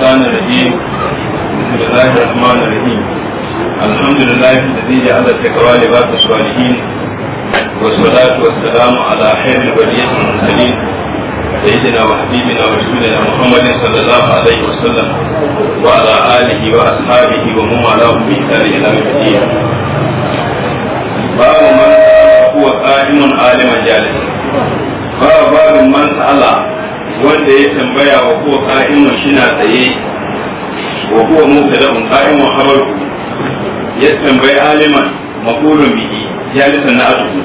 الشيطان الرجيم بسم الله الرحمن الرحيم الحمد لله الذي جعل التقوى لباس الصالحين والصلاة والسلام على خير البرية المرسلين سيدنا وحبيبنا ورسولنا محمد صلى الله عليه وسلم وعلى آله وأصحابه ومن والاهم بإحسان إلى يوم الدين باب من هو قائم عالما جالس باب من سأل wanda ya tambaya wa kuwa ka'imun shi na tsaye wa kuwa mubtada'un qa'imun ku ya tambayi aliman makulun biki ya na azu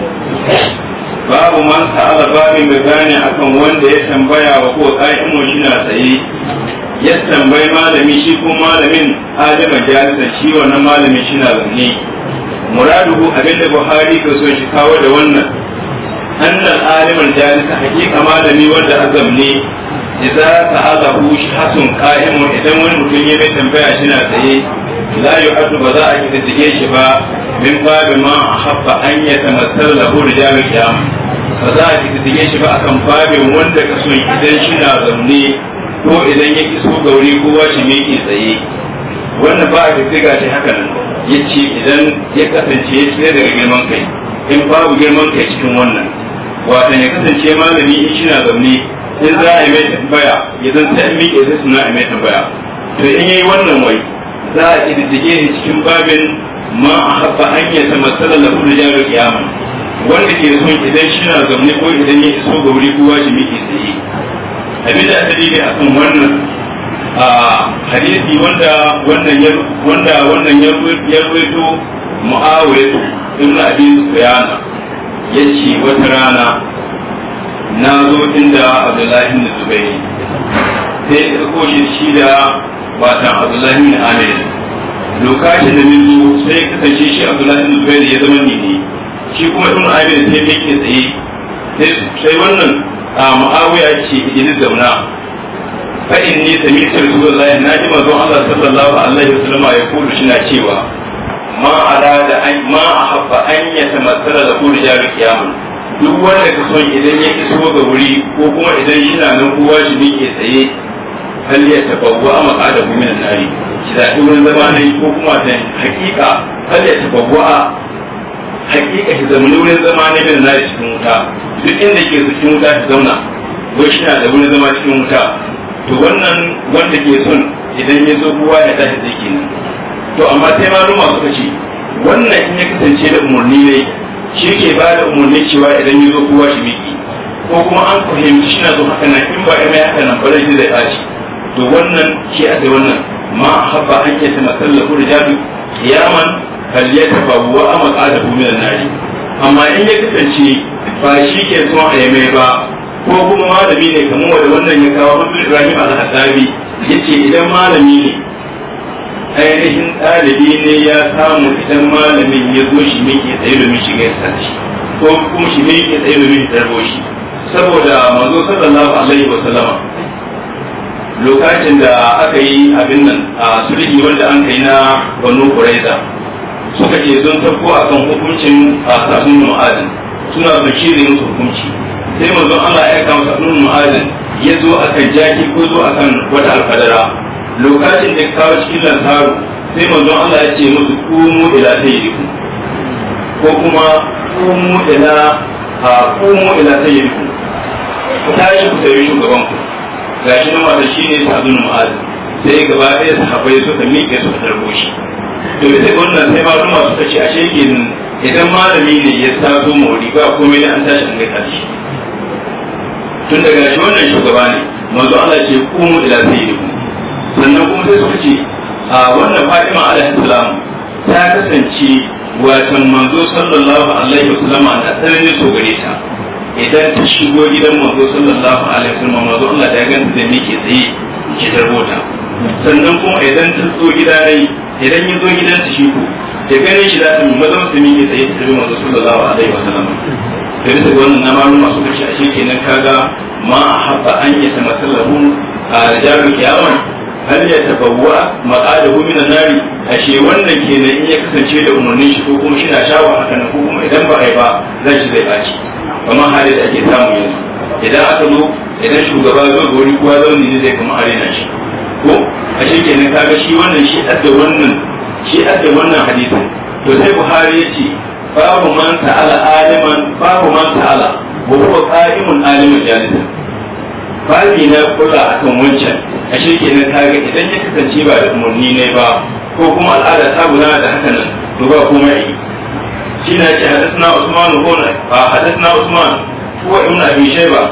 babu man sa'ala babin bayani akan wanda ya tambaya wa kuwa qa'imun shi na tsaye ya tambayi malami shi ko malamin aliman jalisan shi wannan malamin shi na zanne muraduhu abinda buhari ka so shi kawo da wannan annal alimul jalisa hakika malami wanda azamni idza hu shakhsun qa'im idan wani mutum ya mai tambaya shi na tsaye la yu'addu ba za a yi tsaye shi ba min babin ma habba an ya tamassal lahu rijalul jam ba za a yi tsaye shi ba akan babin wanda ka so idan shi na zaune ko idan ya kiso gauri ko shi me ke tsaye wannan ba a kiddiga shi haka nan yace idan ya kasance ya daga girman kai in babu girman kai cikin wannan wato ya kasance malami in shi na zaune in za a yi mai tambaya ya zan ta mi ya zai suna a mai tambaya to in yayi wannan wai za a kididdige ne cikin babin ma a haɓa hanyar ta matsalar da kuma jaro kiyama wanda ke son idan shi na zaune ko idan ya iso ga wuri kowa shi miki tsaye abin da aka ne a kan wannan a hadisi wanda wannan ya wanda wannan ya ruwaito mu'awiyatu ibn abi sufyan ya ce wata rana na zo inda abdullahi na zubai sai ya ɗauko shi shi da wata abdullahi na amir lokacin da min sai ka kasance shi abdullahi na zubai ya zama nini shi kuma ibn amir sai ya ke tsaye sai wannan mu'awiya ce idan zauna fa inni sami ta rasulullahi na ji manzon Allah sallallahu alaihi wasallam ya kulu shi na cewa ma arada an ma ahabba an da lahu rijalul duk wanda ka son idan ya iso ga wuri ko kuma idan yana nan kowa shi ne ke tsaye hali ya tabawwa maƙada min an-nari shi da wurin zama ne ko kuma ta hakika hali ya tabawwa hakika shi zama ne wurin zama ne min nari cikin wuta duk inda ke cikin wuta shi zauna ko shi da wurin zama cikin wuta to wannan wanda ke son idan ya zo kowa ya tashi zai kenan to amma sai maluma suka ce wannan in ya kasance da umarni ne shi ke ba da umarni cewa idan ya zo kowa shi miki ko kuma an fahimci shi na zo haka nan in ba ya mai haka nan ba shi zai ɓaci to wannan shi a sai wannan ma haba an yi tana sallafu da jabi ya kalliyata babuwa a matsada buminan nari amma in ya kasance ba shi ke son a yi mai ba ko kuma malami ne kamar wanda wannan ya kawo mafi ibrahim al-hasabi yace idan malami ne ainihin ɗalibi ne ya samu idan malamin ya zo shi miƙe tsaye domin shiga ya yasa shi ko kuma shi miƙe tsaye domin tarbo shi saboda manzo sallallahu alaihi wa sallama lokacin da aka yi abin nan a sulhi wanda an kai na banu quraiza suka ce sun tabbo akan hukuncin a sasun mu'adin suna bashirin hukunci sai manzo Allah ya kawo mu'adin ya zo akan jaki ko zo akan wata alfadara lokacin da kawo cikin lantaru sai manzon Allah ya ce musu kumu ila sayyidiku ko kuma kumu ila a kumu ila sayyidiku ku tashi ku sayi shugaban ku gashi nan wata shine sabun mu'az sai gaba ɗaya sahabbai suka miƙe suka tarbo shi to sai wannan sai malama suka ce a kenan idan malami ne ya taso mawuri ba komai da an tashi an gaita shi tun daga shi wannan shugaba ne manzo Allah ce kumu ila sayyidiku sannan kuma sai suka ce a wannan fatima alaihi salam ta kasance wato manzo sallallahu alaihi wasallam da tsare so gare ta idan ta shigo gidan manzo sallallahu alaihi wasallam manzo Allah da ya ganta da me ke tsaye ki tarbo ta sannan kuma idan ta zo gida rai idan ya zo gidan ta shigo da ganin shi za ta maza su miki ke tsaye ta tarbi manzo sallallahu alaihi wasallam da bisa wannan na masu kashi a shi kenan kaga ma haɓa an yi sama sallahu a rijalul kiyama hal ya tabawwa maqadahu min an-nari ashe wannan kenan in ya kasance da umarnin shi ko kuma shi na shawa haka ko kuma idan ba ai ba zai shi zai baci amma hali da ake samu yanzu idan aka zo idan shugaba zai gori kowa zauni ne zai kuma arena shi ko ashe kenan kaga shi wannan shi adda wannan shi adda wannan hadisin to sai Buhari ya ce babu man ta'ala aliman babu man ta'ala wa huwa qa'imun alimun jalisan babi na kula a kan wancan a shirke na kaga idan ya kasance ba da umarni ne ba ko kuma al'ada ta gudana da haka nan to ba kuma yi shi na ce hadasna usman ibn a hadasna usman huwa ibn abi shayba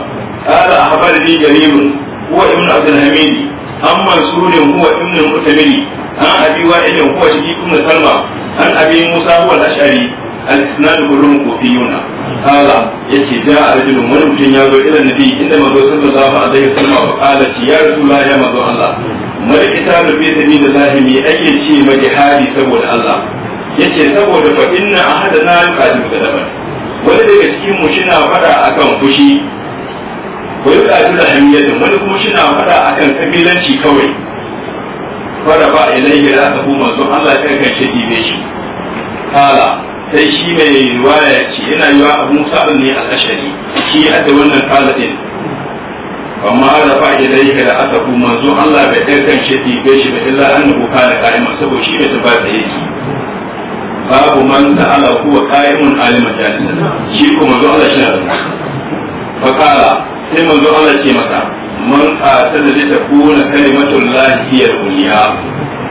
qala ahbarani jarir huwa ibn abd al-hamid an mansur huwa ibn al-mutamili an abi wa'il huwa shaqiq ibn salma an abi musa huwa al-ash'ari al-isnad kullum kufiyuna qala yace da rajulun wani mutum ya zo ila nabi inda manzo sallallahu alaihi wasallam wa qala ya rasulullah ya manzo Allah mal kitabu fi sabilillahi mi ake ce ma jihadi saboda Allah yace saboda fa inna ahadana yuqadimu sadaban wani daga cikin mu shina fada akan fushi wai da da hamiyatin wani kuma shina fada akan kabilanci kawai fara ba ilayhi la tabu manzo Allah kai kai shi dibe shi sai shi mai riwaya ya ce yana yiwa abu musa ne al-ashari shi ya da wannan kala din amma da fa ya dai da aka kuma manzo Allah bai ɗaukan shi tibe shi ba illa annahu kana qaima saboda shi bai tabbata yake babu man ta'ala wa qa'imun alim majalis shi ko manzo Allah shi na da fa kala sai manzo Allah ce mata man qatada li takuna kalimatu llahi hiya al-ulya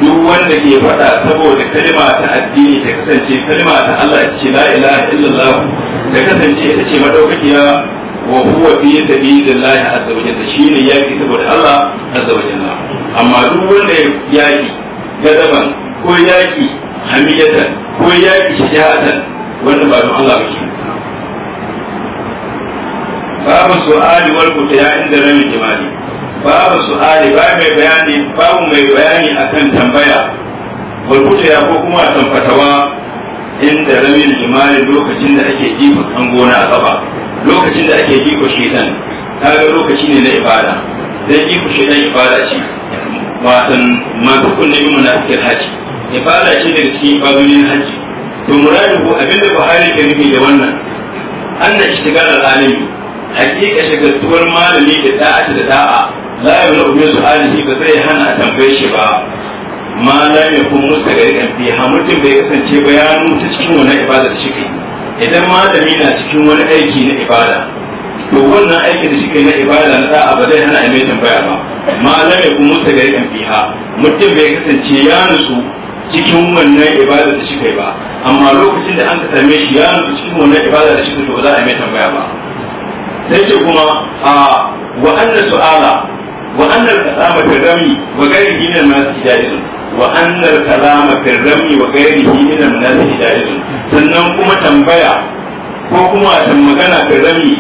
duk wanda ke faɗa saboda kalima ta addini ta kasance kalima ta Allah ce la ilaha illallah ta kasance ita ce madaukakiya wa huwa fi sabilillah azza wa shi shine yaki saboda Allah azza wa amma duk wanda yaki gadaban ko yaki hamiyatan ko yaki shaja'atan wanda ba don Allah ba babu su'ali wal kutaya inda ramin jimali babu su'ali ba mai bayani babu mai bayani akan tambaya walkuta ya ko kuma san inda ramin jimali lokacin da ake jifa kan gona a gaba lokacin da ake jifa ta kaga lokaci ne na ibada zai jifa shedan ibada ce watan mantukun ne yi munafikin cikin haji ibada ce daga cikin ibadunin haji to muradu abinda Buhari ke nufi da wannan an da ishtigal al-alimi hakika shagaltuwar malami da da'ati da da'a la ya wala ubi su'alihi ba zai hana a tambaye shi ba malam ya kuma musta gari kan fi hamurtin bai kasance ba ya nuna cikin wani ibada da shi idan malami na cikin wani aiki na ibada to wannan aiki da shike na ibada na da'a ba zai hana a mai tambaya ba malam ya kuma musta kan fi ha mutum bai kasance ya nusu cikin wannan ibada da shi ba amma lokacin da an ka same shi ya nusu cikin wannan ibada da shi to ba za a mai tambaya ba sai ce kuma a wa anna su'ala wa anna al-kalama fi rami wa ghairihi min al-nas jaizun wa anna al-kalama fi rami wa ghairihi min al-nas jaizun sannan kuma tambaya ko kuma a magana fi rami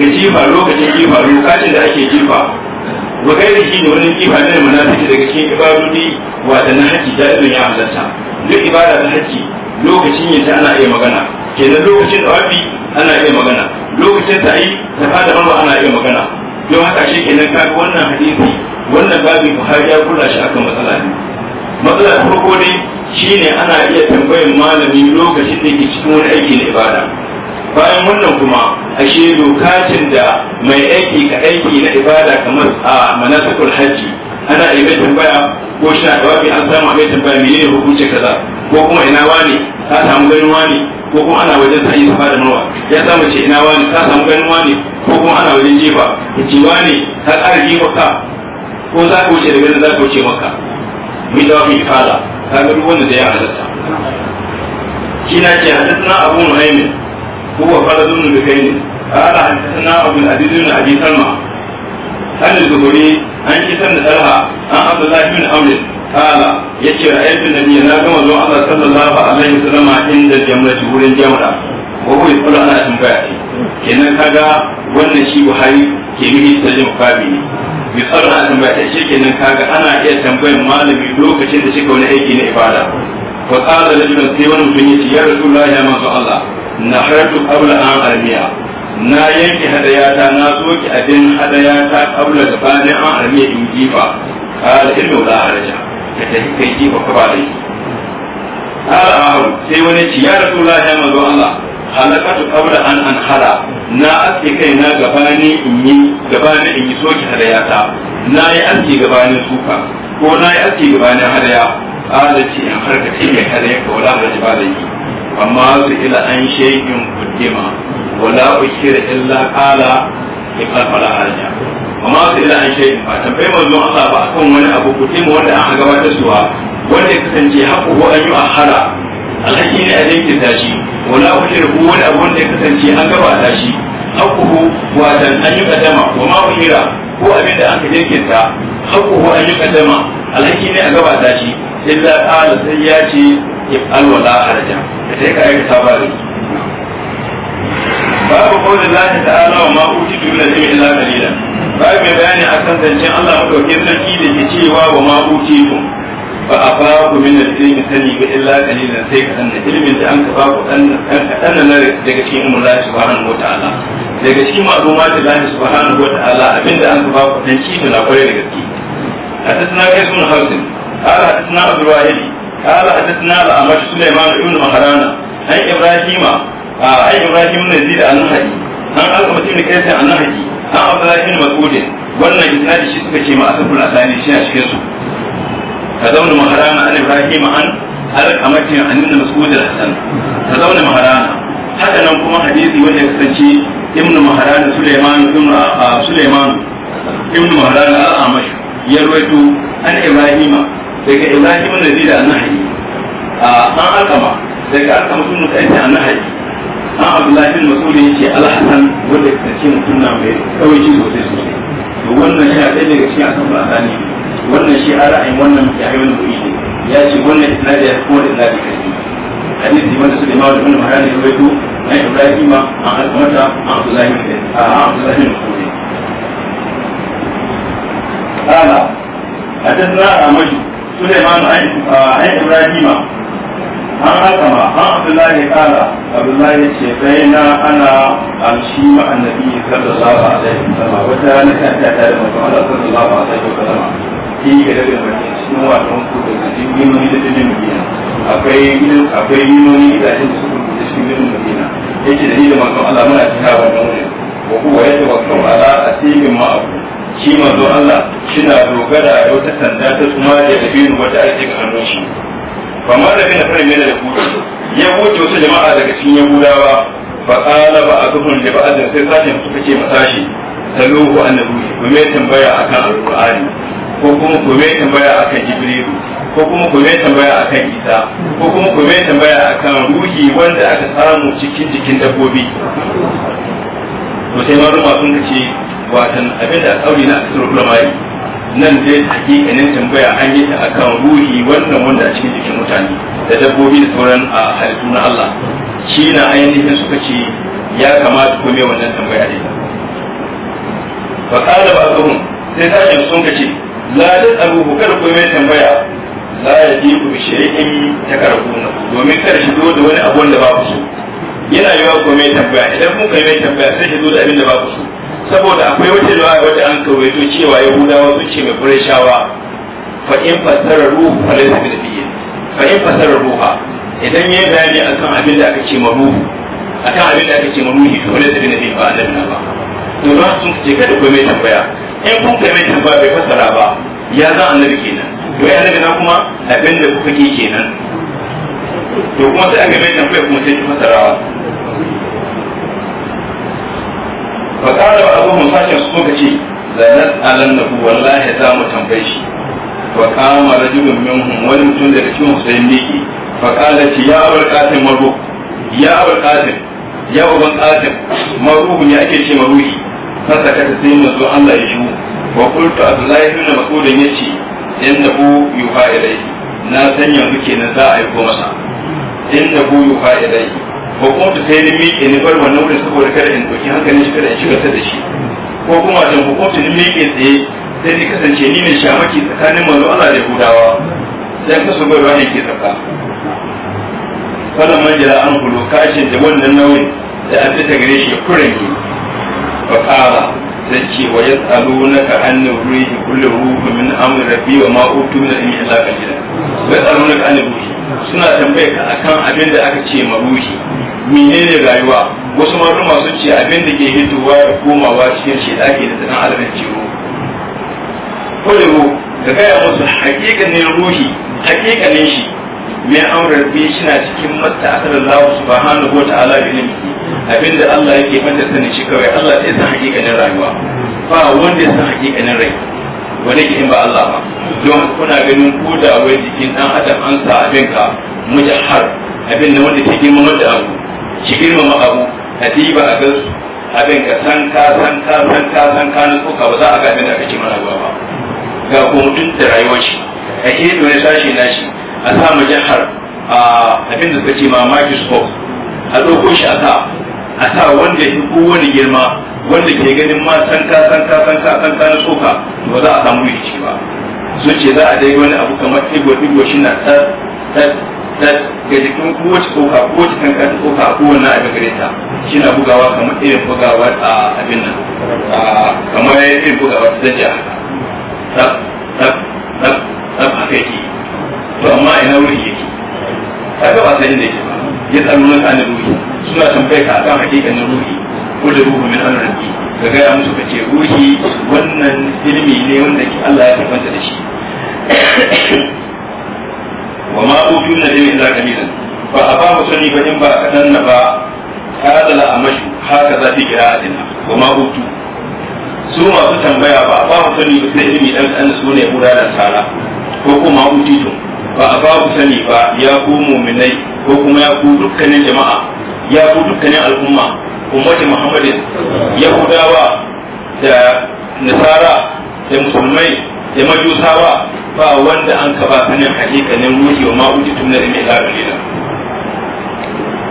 ga jifa lokacin jifa lokacin da ake jifa wa gairi shi ne wani kifa ne da munafiki daga cikin wa wata na haji jaizun ya halatta duk ibada ta haji lokacin yin ta ana iya magana kenan lokacin dawafi ana iya magana lokacin ta yi ta fada marwa ana iya magana don haka shi kenan ga wannan hadisi wannan babi buhari ya kula shi akan matsala ne matsala farko ne shine ana iya tambayin malami lokacin da yake cikin wani aiki na ibada bayan wannan kuma a shi lokacin da mai aiki ka aiki na ibada kamar a manasikul hajji ana yi mai tambaya ko shi na jawabi an samu a mai tambaya menene hukunci kaza ko kuma ina wani ka samu ganin wani ko kuma ana wajen sa'i safa da nawa ya samu ce ina wani ka samu ganin wani ko kuma ana wajen jefa ya ce wani ka ƙara jefa ka ko za ka wuce da ganin za ka wuce maka mai jawabi ifada ka ga duk wanda da ya halatta shi na ce hadisna abu muhaimin هو خالد بن بكير قال حدثنا ابو العزيز بن ابي سلمى عن الزهري عن كسان طلحه عن عبد الله بن عمرو قال يشي رايت النبي لا كما زو الله صلى الله عليه وسلم عند الجمره wurin jamra wa huwa yaqulu ana tambaya kenan kaga wannan shi Buhari ke mihi sallin kabi ne bi tsara tambaya ta shi kenan ana iya tambayar malami lokacin da shi wani aiki na ibada wa qala rajulun sai wani mutum yaci ya rasulullahi ya manzo Allah na haratu qabla an na yanke hadayata na soke abin hadayata qabla da bani an armiya in jifa qala inna la harja ka ta kai jifa ka ba dai qala ahu sai wani ci ya rasulullahi ya manzo Allah halakatu qabla an an hala na aske kai na gabani in yi gabani in yi soki hadayata na yi aske gabani suka ko na yi aske gabanin hadaya qala ci in harka ce mai hadaya ka wala ba ji ba da yi amma su ila an shay'in kuddima wala ukira illa qala ibal fala harja amma su ila an shay'in ba tambayi manzon Allah ba akan wani abu kuddima wanda an gabatar suwa wanda kasance haƙu an yi ahara alhaki ne a jinkirta shi wala ukira ko wani wanda kasance an gabata shi haƙuhu watan an yi kadama wa ma an yi kadama alhaki ne a shi illa sai ya ce يفعل ولا حرج كتيك أي تبالي باب قول الله تعالى وما أوتيت من العلم إلا قليلا باب بيان أكثر تنشي الله مدوكين سلكي لكي وما أوتيتم فأفاق من العلم سليم إلا قليلا سيك أن علم da an ka baku ɗan kaɗan na daga cikin daga cikin ma'aluma Allah subhanahu wataala abinda an ka baku ɗan kifi na kwarai da gaske a tattuna kai sun hausin ƙara tattuna abu wahili قال حدثنا الأعمش سليمان بن مهران عن إبراهيم عن إبراهيم بن يزيد النهدي عن علقمة بن كيس النهدي عن عبد الله بن مسعود wannan isnadi shi suka ce ma asaful asani shi a cikin su ka zauna maharana an ibrahim an alkamati an nuna mas'ud al-hasan ka zauna maharana haka kuma hadisi wanda ya kasance ibn maharana suleiman an ibrahima sai ka ibrahim mun da zai da annahi an alkama daga alkama sun mutu aiki annahi an abdullahi bin masudi yake alhassan wanda ya kasance mutum na mai kawaici sosai sosai to wannan shi a ɗaya daga cikin akan basani wannan shi a ra'ayin wannan ya yi wani kuɗi ya ce wannan isnadi ya kuma da isnadi kasi hadisi wanda su da imamu da wani maharani ya waito na ibrahim an alkamata an abdullahi bin masudi قال حدثنا أعمش Suleiman an uh, Ibrahima an Asama an Abdullahi kala Abdullahi ce bayyana ana alshi ma annabi sallallahu alaihi wasallam wata rana ta ta da manzon Allah sallallahu alaihi wasallam shi ga da mai cikin wato ku da cikin yin da da Madina akwai akwai yin da da cikin yin Madina yake da ni da manzon Allah ne ko kuwa a shi manzo Allah na dogara da wata sanda ta kuma da dabino wata ake hannun shi fama da bin fara ne da ya wuce wasu jama'a daga cikin yahudawa fa qala ba akhun li ba'd sai sashin suka ce masashi taluhu annabi ku mai tambaya akan alqur'ani ko kuma ku mai tambaya akan jibrilu ko kuma ku mai tambaya akan isa ko kuma ku mai tambaya akan ruhi wanda aka samu cikin jikin dabbobi to sai ma ruma sun ce watan abin da sauri na asirin ulamai nan dai hakikanin tambaya an yi ta akan ruhi wannan wanda a cikin jikin mutane da dabbobi da sauran a halittu na Allah shi na ainihin suka ce ya kamata ku mai wannan tambaya dai fa qala ba'dhum sai yi sun kace la tasaluhu kar ku mai tambaya la ku bi ta karbu domin kar shi da wani abu wanda babu su yana yiwa ko mai tambaya idan kun kai mai tambaya sai shi zo da abin da ba ku so saboda akwai wata riwaya wadda an kawaito cewa yahudawa sun ce mai kure fa in fasara ruhu fa laysa bi nabiyyin fa in fasara ruha idan yayi bayani akan abin da aka ce ma ruhu akan abin da aka ce ma ruhi fa laysa bi nabiyyin ba annabi ba to ba sun ce kada ku mai tambaya in kun kai mai tambaya bai fasara ba ya zan annabi kenan to ya annabi na kuma abin da kuka ke kenan to kuma sai aka mai tambaya kuma sai ki fasarawa fa kada wa abu musashin su suka ce zanat alan nabu wallahi za mu tambaye shi fa kama rajulun minhum wani mutum daga cikin su sai miki fa kada ci ya abul qasim maru ya abul qasim ya uban qasim maru ne ake ce maruhi fa saka ta sai zo Allah ya shi wa qultu abdullahi ibn mas'ud yace innahu yuha ilayhi na sanya muke nan za a aiko masa inda hu ya fa'idai ko kuma da sai ni miƙe ni bar wannan wurin saboda kada in ɗauki hankalin shi kada in shiga da shi ko kuma dan ko ta ni miƙe tsaye sai ni kasance ni ne shamaki tsakanin manzo Allah da Yahudawa sai ka so bai wani ke tsaka falan manjira an kulo kashin da wannan nauyin da an fita gare shi ya kuren ba fara yace wa ka hannun ruhi kulle ruhi min amin rabi wa ma utu min ilmi illa qalila wa ka hannun ruhi suna tambaye ka akan abin da aka ce ma ruhi menene rayuwa wasu maru masu ce abin da ke hitowa ya komawa cikin shedaki da tsanan alamin ciwo kullu da gaya musu hakikanin ruhi hakikanin shi min amrin bi shi na cikin matta asallallahu subhanahu wa ta'ala bi ilmihi abinda Allah yake manta sani shi kawai Allah sai san hakikanin rayuwa ba wanda ya san hakikanin rai wani ke ba Allah ba don kuna ganin ko da wai jikin dan adam an sa abin ka mujahar abin da wanda ke girmama da abu shi girmama abu hadiba a gasu abin ka san ka san ka san ka san ka nutsu ka ba za a ga abin da kake mana ba ga kuma duk da rayuwar shi a keɓe wani sashi na shi a sa a jihar abinda suka ce ma sport a ɗauko shi a sa a sa wanda ya fi wani girma wanda ke ganin ma sanka sanka sanka sanka na tsoka ba za a samu rikici ba sun ce za a dai wani abu kamar ɗigo ɗigo shi na ta ta ta ga jikin kowace tsoka kowace sanka ta tsoka a kowane abin gare ta shi na bugawa kamar irin bugawa a abin nan kamar irin bugawa ta haka. tak tak tak tak haka yake to amma ina wuri yake kaga ba sai inda yake ya tsaro na kanin ruhi suna san tambaye ka akan hakikanin ruhi ko da ruhu min amrati ka ya musu kace ruhi wannan ilimi ne wanda ke Allah ya tabbata da shi wa ma utu na ilmi illa qalilan fa aba sani ba in ba kadan na ba hada la amashu haka za fi kira qira'atin wa ma utu su masu tambaya ba a ba sani ba sai ilimi dan dan su ne murada sala ko kuma utitun ba a babu sani ba ya ku muminai ko kuma ya ku dukkanin jama'a ya ku dukkanin al'umma ummati muhammadin yahudawa da nasara da musulmai da majusawa ba wanda an kaba sanin hakikanin ruhi wa ma'ujitum na ilmi da.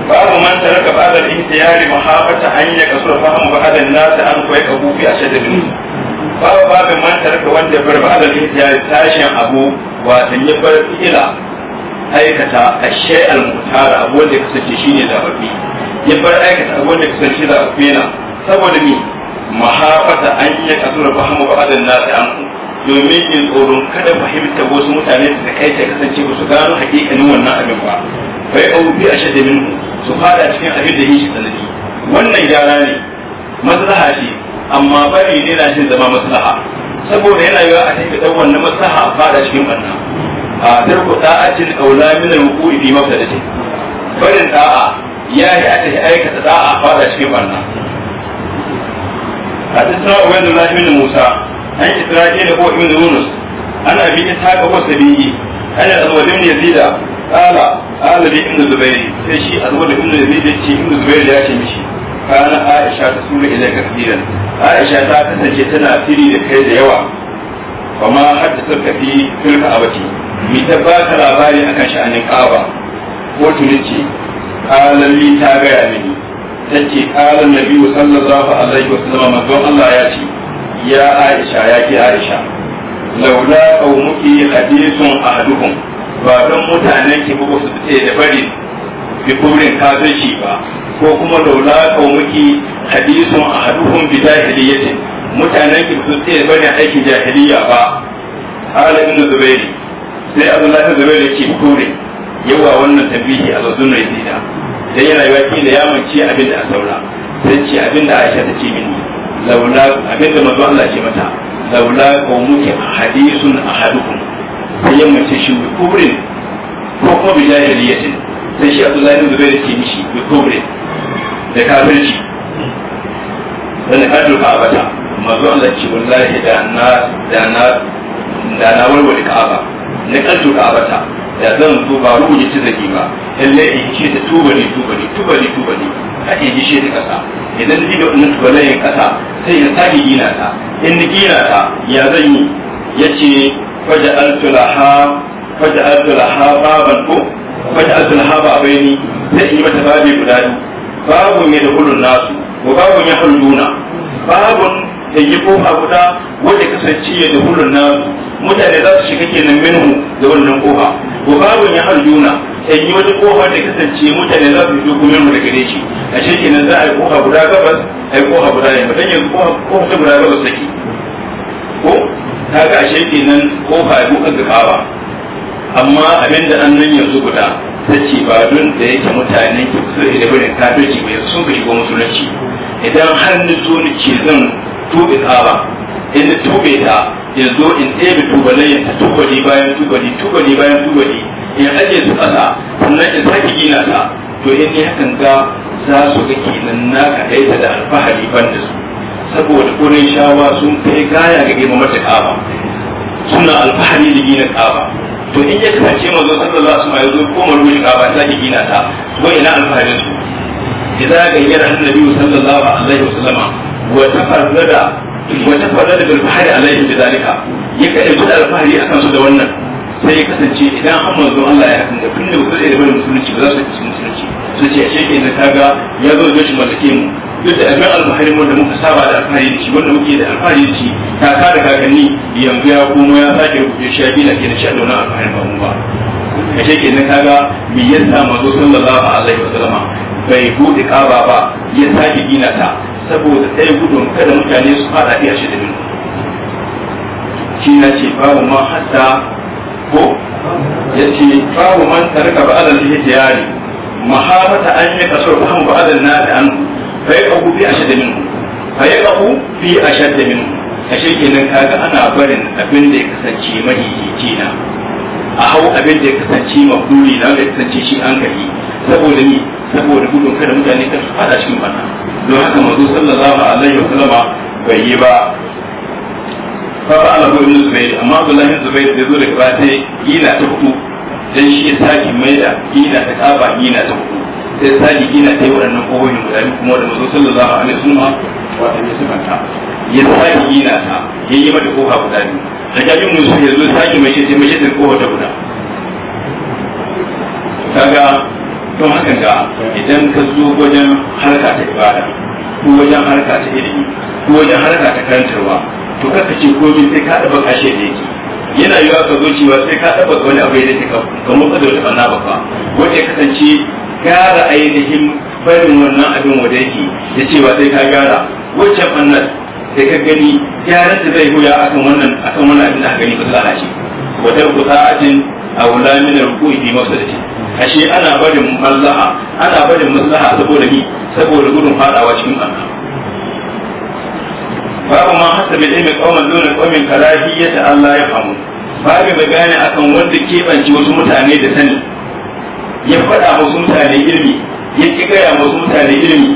babu man taraka ba'da al-ihtiyari muhabata an yakasura fahmu ba'da an-nas an kuwa kabu fi ashadid babu babin man tarka wanda bar ba da ya tashin abu watan ya bar fi'ila aikata ashe al-mutara abu wanda kasance shine zababi ya bar aikata abu wanda kasance zababi na saboda mi mahafata an yi kasura fahimu ba adan nasi an domin yin tsoron kada fahimta wasu mutane da kai ta kasance ba su gano hakikanin wannan abin ba bai aubi a shadda minhu su fara cikin abin da yi shi sanadi wannan gyara ne maslaha ce amma bari ne na shi zama maslaha saboda yana yiwa a cikin ɗan wannan maslaha a fara cikin banna a tarko da'atin aula min al-wuqu'i bi ce barin da'a ya yi a cikin aikata da'a fara cikin banna a tsira ubaydu lahi min musa an yi isra'ila ko ibn yunus ana bi ishaqa wa sabiyi ana azwajin yazida qala qala bi inda zubayr sai shi azwajin ibn yazid ya ce ibn zubayr ya ce mishi kana aisha ta sura ila kafiran aisha ta kasance tana firi da kai da yawa kuma hadda ka fi tilka abati mi ta ba ta labari akan sha'anin kaba ko tunici Alalli ta gaya mini tace kalan nabi sallallahu alaihi wasallam manzon Allah ya ce ya aisha ya ki aisha laula qaumuki hadithun ahaduhum ba don mutanen ki ba su fice da bari bi kubrin kafirci ba ko kuma daula kaumuki hadisun a aduhun bi jahiliyatin mutanen ki su tsaye bane aikin jahiliya ba ala ibn zubairi sai abdullahi zubairi ce kubri yawa wannan tabihi a zazzun rizina dan yana yi waki da ya mace abin da a saura sai ce abin da aisha ta ce mini laula abin da manzo Allah ce mata laula qaumuki hadisun ahadukum sai yamma ce shi kubrin ko kuma bi jahiliyatin sai shi abdullahi bin zubair ce mishi da kufri da kafirci dan ka duka bata mazu an zaki wallahi da na da na da na warware ka'aba na kaddu da zan zo ba ruhu ya ci zaki ba lalle in ce ta tuba ne tuba ne tuba ne tuba ne ka in ji ta kasa idan ji da wannan tubalayin kasa sai ya sake gina ta in ni gina ta ya zan yi yace faja'altu laha faja'altu laha baban ko faɗi azulhaba baini na yi mata babi guda biyu babun ne da kullun nasu wa babu ya huluna babu da yi kofa guda wanda kasance ya da kullun nasu mutane za su shiga kenan minhu da wannan kofa wa babu ya huluna in yi wata kofa da kasance mutane za su fito kuma mu da gare shi a ce kenan za a yi kofa guda gabas a yi kofa guda ne dan yanzu kofa ta guda gabas take ko ga a ce kenan kofa ya buka gabawa amma abin da an nan yanzu guda ta ce ba don da yake mutanen ki su da barin kafirci mai sun ka shigo musulunci idan har ni zo ni ce zan tobe tsaba in ni ta in zo in ɗebe tubalai ta tubali bayan tubali tubali bayan tubali in ajiye su ƙasa sannan in sake gina ta to in ni hakan ga za su ga kenan na ka kaɗaita da alfahari ban da su saboda ƙurin shawa sun kai gaya ga girma mata ƙaba suna alfahari da gina ƙaba to in ya kasance manzo sallallahu alaihi wasallam ya ko maruwa shi ba ta gina ta to ina alfaharin su idza gayyara annabi sallallahu alaihi wasallam wa tafarrada wa tafarrada bil bahri alaihi bidalika ya kai da alfahari akan su da wannan sai ya kasance idan an manzo Allah ya kasance kullu kullu da musulunci ba za su ci musulunci ba sai ce ke na kaga ya zo da shi mallake mu duk da abin alfahari wanda muka saba da alfahari shi wanda muke da alfahari shi shi ka da kakanni yanzu ya komo ya sake rubuce shi ya ke na shi a daunar alfahari ba mu ba a shi na kaga me yasa mazo sallallahu alaihi wasallama bai bude kaba ba ya sake gina ta saboda ɗaya gudun kada mutane su fada iya shi da min shi na ce babu ma hatta ko ya ce babu man tarka ba alal hijiyari mahabata an yi kasar kuhan ba na da anhu fa ya kahu fi ashadda minhu fa ya kahu fi ashadda minhu a shekenan kaga ana barin abin da ya kasance mahihiti na a hau abin kasance na kasance shi an saboda ni saboda gudun kada mutane ta fada cikin bana don haka mazo sallallahu alaihi wa sallama bai yi ba fa ba ala ibn zubair amma abdullahi zubair da zo daga bata yana dan shi ya sake mai da ina ta kaba ina ta hudu sai sake ina ta yi waɗannan kowayen guda biyu kuma da mazo sallallahu alaihi wasallam wato ya sifanta ya sake ina ta ya yi mata kofa guda biyu da jami'in musu ya zo sake mai ce mai yace kofa ta guda kaga to hakan ga idan ka zo wajen harka ta ibada ko wajen harka ta ilimi ko wajen harka ta karantarwa to kaka ce komai sai ka ɗaba kashe da yake yana yiwa ka zo cewa sai ka tabbata wani abu da ka kamar ka da wata banna ba fa wanda ya kasance gara ainihin barin wannan abin wanda yake da cewa sai ka gara wacce bannar sai ka gani gyaran da zai goya akan wannan akan wannan abin da ka gani ba sa ce wata ku sa'atin a wala min ruku'i bi ce ashe ana barin mallaha ana barin mallaha saboda ni saboda gudun fadawa cikin banna babu ma hasa bil ilmi qauman kalahi ya ta Allah ya famu babu gane akan wanda kebanci wasu mutane da sani ya faɗa wasu mutane ilmi ya ki gaya wasu mutane ilmi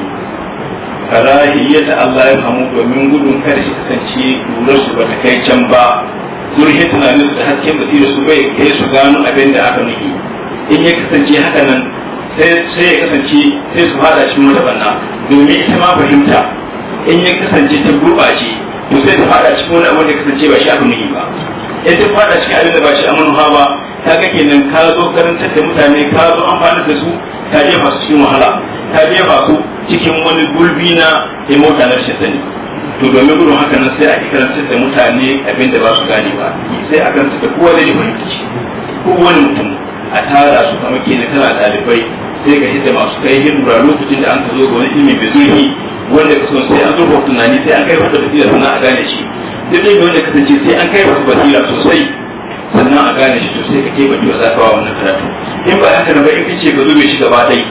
ta Allah ya famu domin gudun kada shi kasance lura su ba ta kai can ba zurhi tunanin da hasken basira su bai kai su gano abin da aka nufi in ya kasance haka nan sai ya kasance sai su fada shi mata banna domin ita ma fahimta in ya kasance ta gurɓace to sai ta fada cikin wani abin da kasance ba shi abu ne ba in ta fada cikin abin da ba shi amurha ba ta ga kenan ka zo karanta da mutane ka zo amfani da su ta je masu cikin wahala je ba su cikin wani gulbi na ya mota na shi sani to domin gudun haka nan sai a karanta da mutane abin da ba su gane ba sai a karanta da kowa da ya fahimci kowane mutum a tara su kamar kenan kana ɗalibai sai ka hidda masu kai hin lokacin da an ka zo ga wani ilimin mai wanda ka sai an zurfa tunani sai an kai masa basira sannan a gane shi duk da wanda kasance sai an kai masa basira sosai sannan a gane shi sosai ka ke bace za ka wa wannan karatu in ba haka ba in kace ka zube shi gaba dai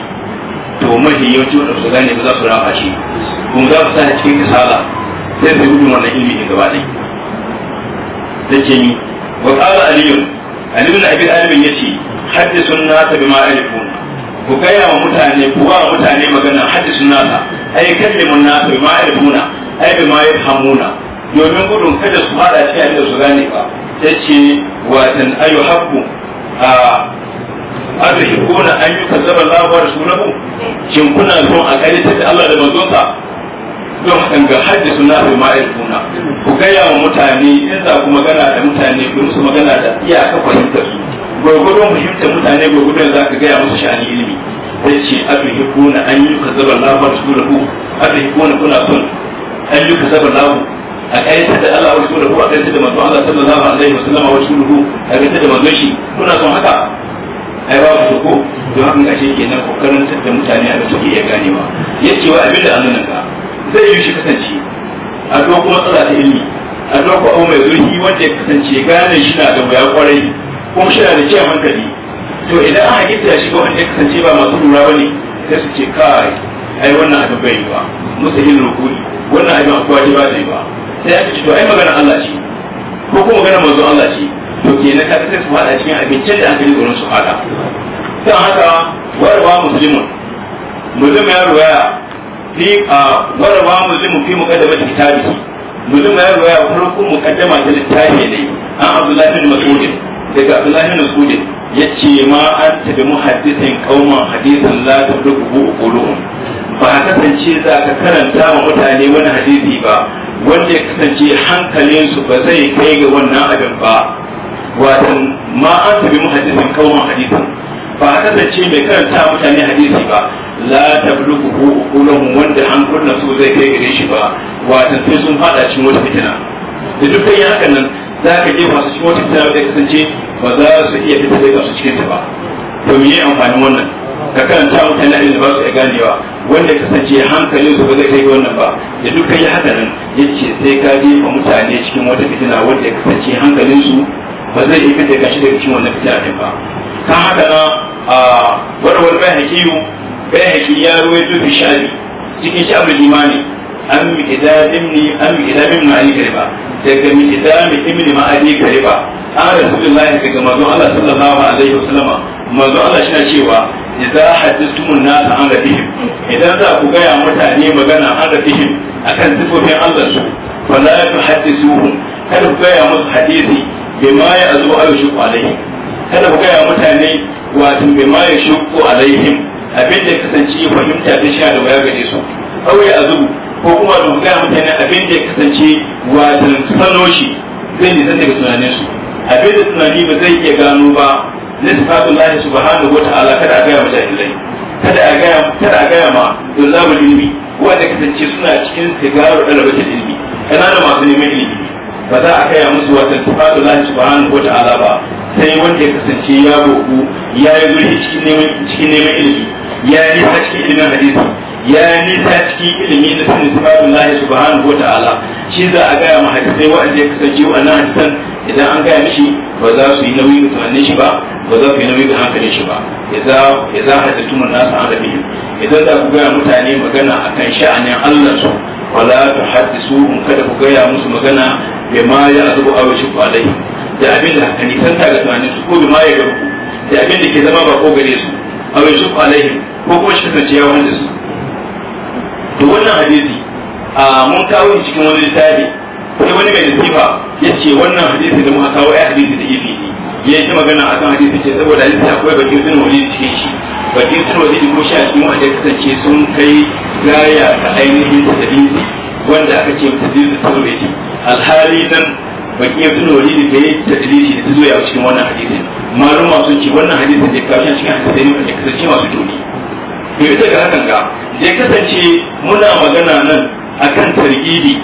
to mafi yawanci wanda su gane ba za su rafa shi kuma za ku sa cikin misala sai su gudun wannan ilimi ne gaba dai take ni wa qala aliyun ali ibn abi talib yace hadithun nas bi alifun ku gaya wa mutane ku ba mutane magana hadisun nasa ai kallimun nasa ma yarfuna ai ma yafhamuna domin gudun kada su fada cikin a su gane ba yace watan ayu habbu a azhibuna an yukazzaba Allah wa rasulahu kin kuna so a kare ta Allah da manzonsa don hakan ga nasu nasa ma yarfuna ku gaya wa mutane in za ku magana da mutane ku su magana da iyaka fahimtar su gwagwadon fahimtar mutane gwagwado za ka gaya musu sha'ani ilimi sai ce abin kuna an yi ka zaba lafa su da ku abin kuna kuna son an yi ka zaba lafa a ƙayyata da Allah wasu da ku a ƙayyata da manzon Allah sallallahu alaihi wasallam wasu da ku a ƙayyata da manzon shi kuna son haka ai ba su ko don haka ga shi kenan kokarin da mutane a da suke iya ganewa yace wa abin da annan ka zai yi shi kasance a doko matsala ta ilimi a doko abu mai zurfi wanda ya kasance gane shi na da ya kwarai kuma shi da kyan hankali to idan aka gita shi ko wanda ya kasance ba masu lura ba ne sai su ce kai ai wannan abin bai yi ba musu yin rukuni wannan abin akwai wajen ba zai ba sai aka ce to ai magana Allah ce ko kuma magana manzo Allah ce to ke na kada su fada cikin abincin da aka yi gurin su fada sai haka warwa muslimun muslim ya ruwaya fi warwa muslimun fi muqaddamati kitabi muslim ya ruwaya farkon kaddama ta littafi ne an Abdullahi bin Mas'ud daga Abdullahi bin Mas'ud yace ma an tabi muhaddisin qauman hadisan la tabduhu quluhum ba kasance za ka karanta wa mutane wani hadisi ba wanda ya kasance hankalinsu ba zai kai ga wannan abin ba watan ma an tabi muhaddisin qauman hadisan ba kasance mai karanta mutane hadisi ba la tabluhu quluhum wanda kunna su zai kai gare shi ba watan sai sun fada cikin wata fitina da dukkan hakan nan za ka je masu cikin wata fitar da kasance ba za su iya fita da su cikin ta ba to me amfanin wannan ka karanta mutane da ba su iya ganewa wanda kasance hankalin su ba zai kai wannan ba da dukkan ya haka nan ce sai ka je jefa mutane cikin wata fitina wanda kasance hankalin su ba zai iya fita da shi daga cikin wannan fitina din ba kan haka na a warwar bai hakiyu bayan hakiyu ya ruwaito fi shari cikin shi abin limani an mi ida imni an mi ida min ma'ani kariba daga mi ida mi imni ma'ani kariba an rasulullahi daga manzon Allah sallallahu alaihi wasallam manzon Allah shi cewa idza hadithtumun nas an rabbihim idan za ku gaya mutane magana an rabbihim akan sifofin Allah su fala tuhaddisuhum kada ku gaya musu hadisi bima ya azu ayyushu alaihi kada ku gaya mutane wato bima ya shuku alaihim abin da kasance fahimta ta sha da waya gare su kawai azubu ko kuma da gaya mutane abin da ya kasance wajen sano shi zai nisan daga tunanin su abin da tunani ba zai iya gano ba na sifatun lahi da wata ta'ala kada a gaya ma jahilai kada a gaya ma don gaya ma dullabul ilmi wanda kasance suna cikin sigaru dalabatul ilimi kanana masu neman ilimi ba za a gaya musu wata sifatun lahi da wata ta'ala ba sai wanda ya kasance ya goku ya yi gurhi cikin neman ilimi ya yi sa cikin ilimin hadisi ya nisa cikin ilimi na sun sifatun lahi subhanahu wa ta'ala shi za a gaya mahadisai wa'anda ya kasance wa'annan hadisan idan an gaya mishi ba za su yi nauyi da tunanin shi ba ba za su yi nauyi da hankalin shi ba ya za a haddatu mun nasu an rabi idan za ku gaya mutane magana a kan sha'anin Allah su wala ta hadisu in kada ku gaya musu magana ma ya azubu a wasu kwalai da abin da hankali san ta ga tunanin su ko ma ya gabu da abin da ke zama ba ko gare su a wasu kwalai ko kuma shi kasance ya wanda su Da wannan hadisi a mun kawo shi cikin wani littafi sai wani mai nasifa ya ce wannan hadisi da muka kawo ya hadisi da ifi ya yi magana a kan hadisi ce saboda hadisi akwai bakin sun wani cikin shi bakin sun wani ko shi a cikin wanda ya kasance sun kai gaya ta ainihin hadisi wanda aka ce tadisi tawbati alhali nan bakin sun wani da ya tadisi da zuwa cikin wannan hadisi maluma sun ce wannan hadisi da ya kawo shi cikin hadisi ne wanda ya kasance masu doni to ita ga hakan ga ya kasance muna magana nan akan targibi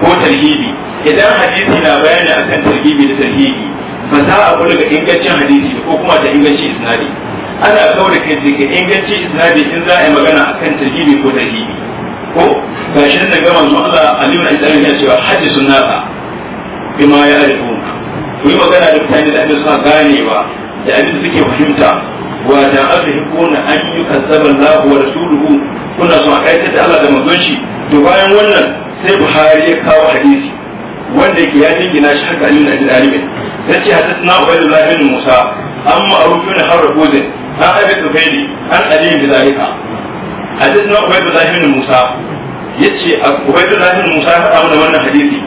ko tarhibi idan hadisi na bayani akan targibi da tarhibi ba za a kula ga ingancin hadisi ko kuma da ingancin isnadi ana kawo da kai ga ingancin isnadi in za a yi magana akan targibi ko tarhibi ko shi da ga manzo Allah aliyu na isnadi ya cewa hajji sunnata bima ya arifuna ku yi magana da mutane da ake suna ganewa da abin da suke fahimta wa da azhikuna an yi yukazzaba Allah wa rasuluhu kuna son a kaitar da Allah da manzon shi to bayan wannan sai Buhari ya kawo hadisi wanda yake ya jingina shi haka Ali bin Abi Talib yace hadathna Ubaydullah bin Musa amma arufuna harabuzin an abi tufaili an Ali bin Zalika hadathna Ubaydullah bin Musa yace Ubaydullah bin Musa ya faɗa mana wannan hadisi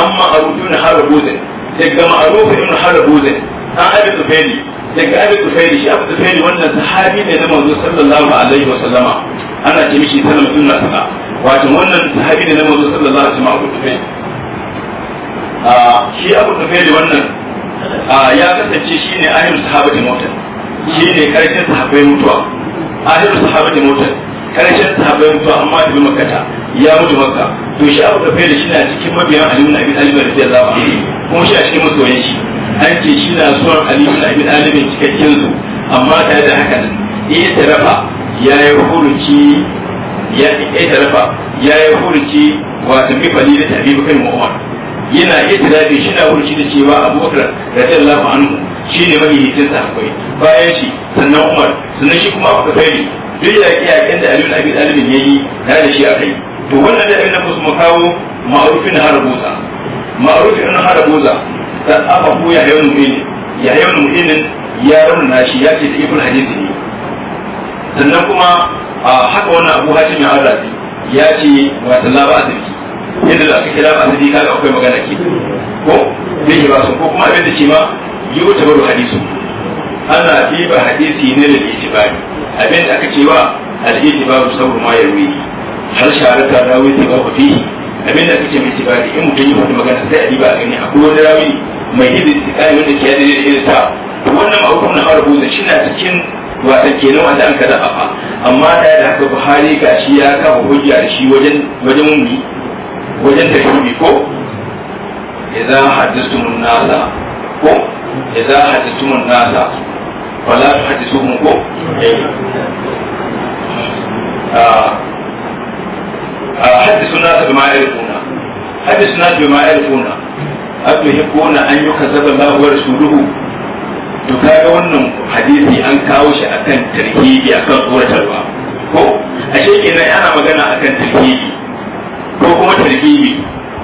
amma arufuna harabuzin daga ma'aruf ibn harabuzin an abi tufaili daga abin tufaili shi abin tufaili wannan sahabi ne na manzo sallallahu alaihi wasallama ana ce mishi salama ibn asqa wato wannan sahabi ne na manzo sallallahu alaihi wasallama abin tufaili a shi abin tufaili wannan ya kasance shi ne sahaba da mota shi ne karshen sahabai mutuwa sahaba da mota karshen sahabai mutuwa amma da bi makata ya mutu makka to shi abin tufaili shi a cikin mabiyan alimin abin alimin da ya zaba kuma shi a cikin masoyin shi an ce shi na zuwan Ali ibn Abi Talib cikakken su amma tare da haka nan ya tarafa ya yi huruci ya ya tarafa ya yi huruci wato bi fali da tabi bakin Umar yana itirafi shi na huruci da cewa Abubakar radiyallahu anhu shi ne mahimmancin sahabbai bayan shi sannan Umar sannan shi kuma Abu Bakar duk yaƙe-yaƙen da Ali ibn Abi Talib ya yi na da shi a kai to wannan da abin da musu mu kawo ma'arufin harabuza ma'arufin harabuza dan aba ko ya yawan mu'minin ya yawan mu'minin ya rauna shi ya ce da ibn hadisi ne sannan kuma haka wannan abu hajji mai arzabi ya ce wata laba asibiti zirki yadda za ka kira a kaga akwai magana ke ko zai yi basu ko kuma abin da ce ma yi wata baro hadisu ana ɗiba hadisi ne da itibari abin da aka ce wa al-itibaru sabu ma yarwi hal sharata rawi ba ku fihi abinda aka ce mai tibari in mutum yi wata magana sai a diba a gani akwai wani rawi mai hidda istiqai wanda ke yadda da irin ta wannan abubuwan na arabu da shi na cikin wasan kenan wanda an kaza a amma da da haka buhari ga shi ya kafa hujja da shi wajen wajen mummi wajen tarihi ko ya za idza hadithtum nasa ko ya za idza hadithtum nasa fala tuhaddithuhum ko eh. ah. حدثوا الناس بما يعرفون حدثوا الناس بما يعرفون أتحبون أن يكذب الله ورسوله to kaga wannan hadisi an kawo shi akan tarhibi akan tsoratarwa ko ashe kenan ana magana akan tarhibi ko kuma tarhibi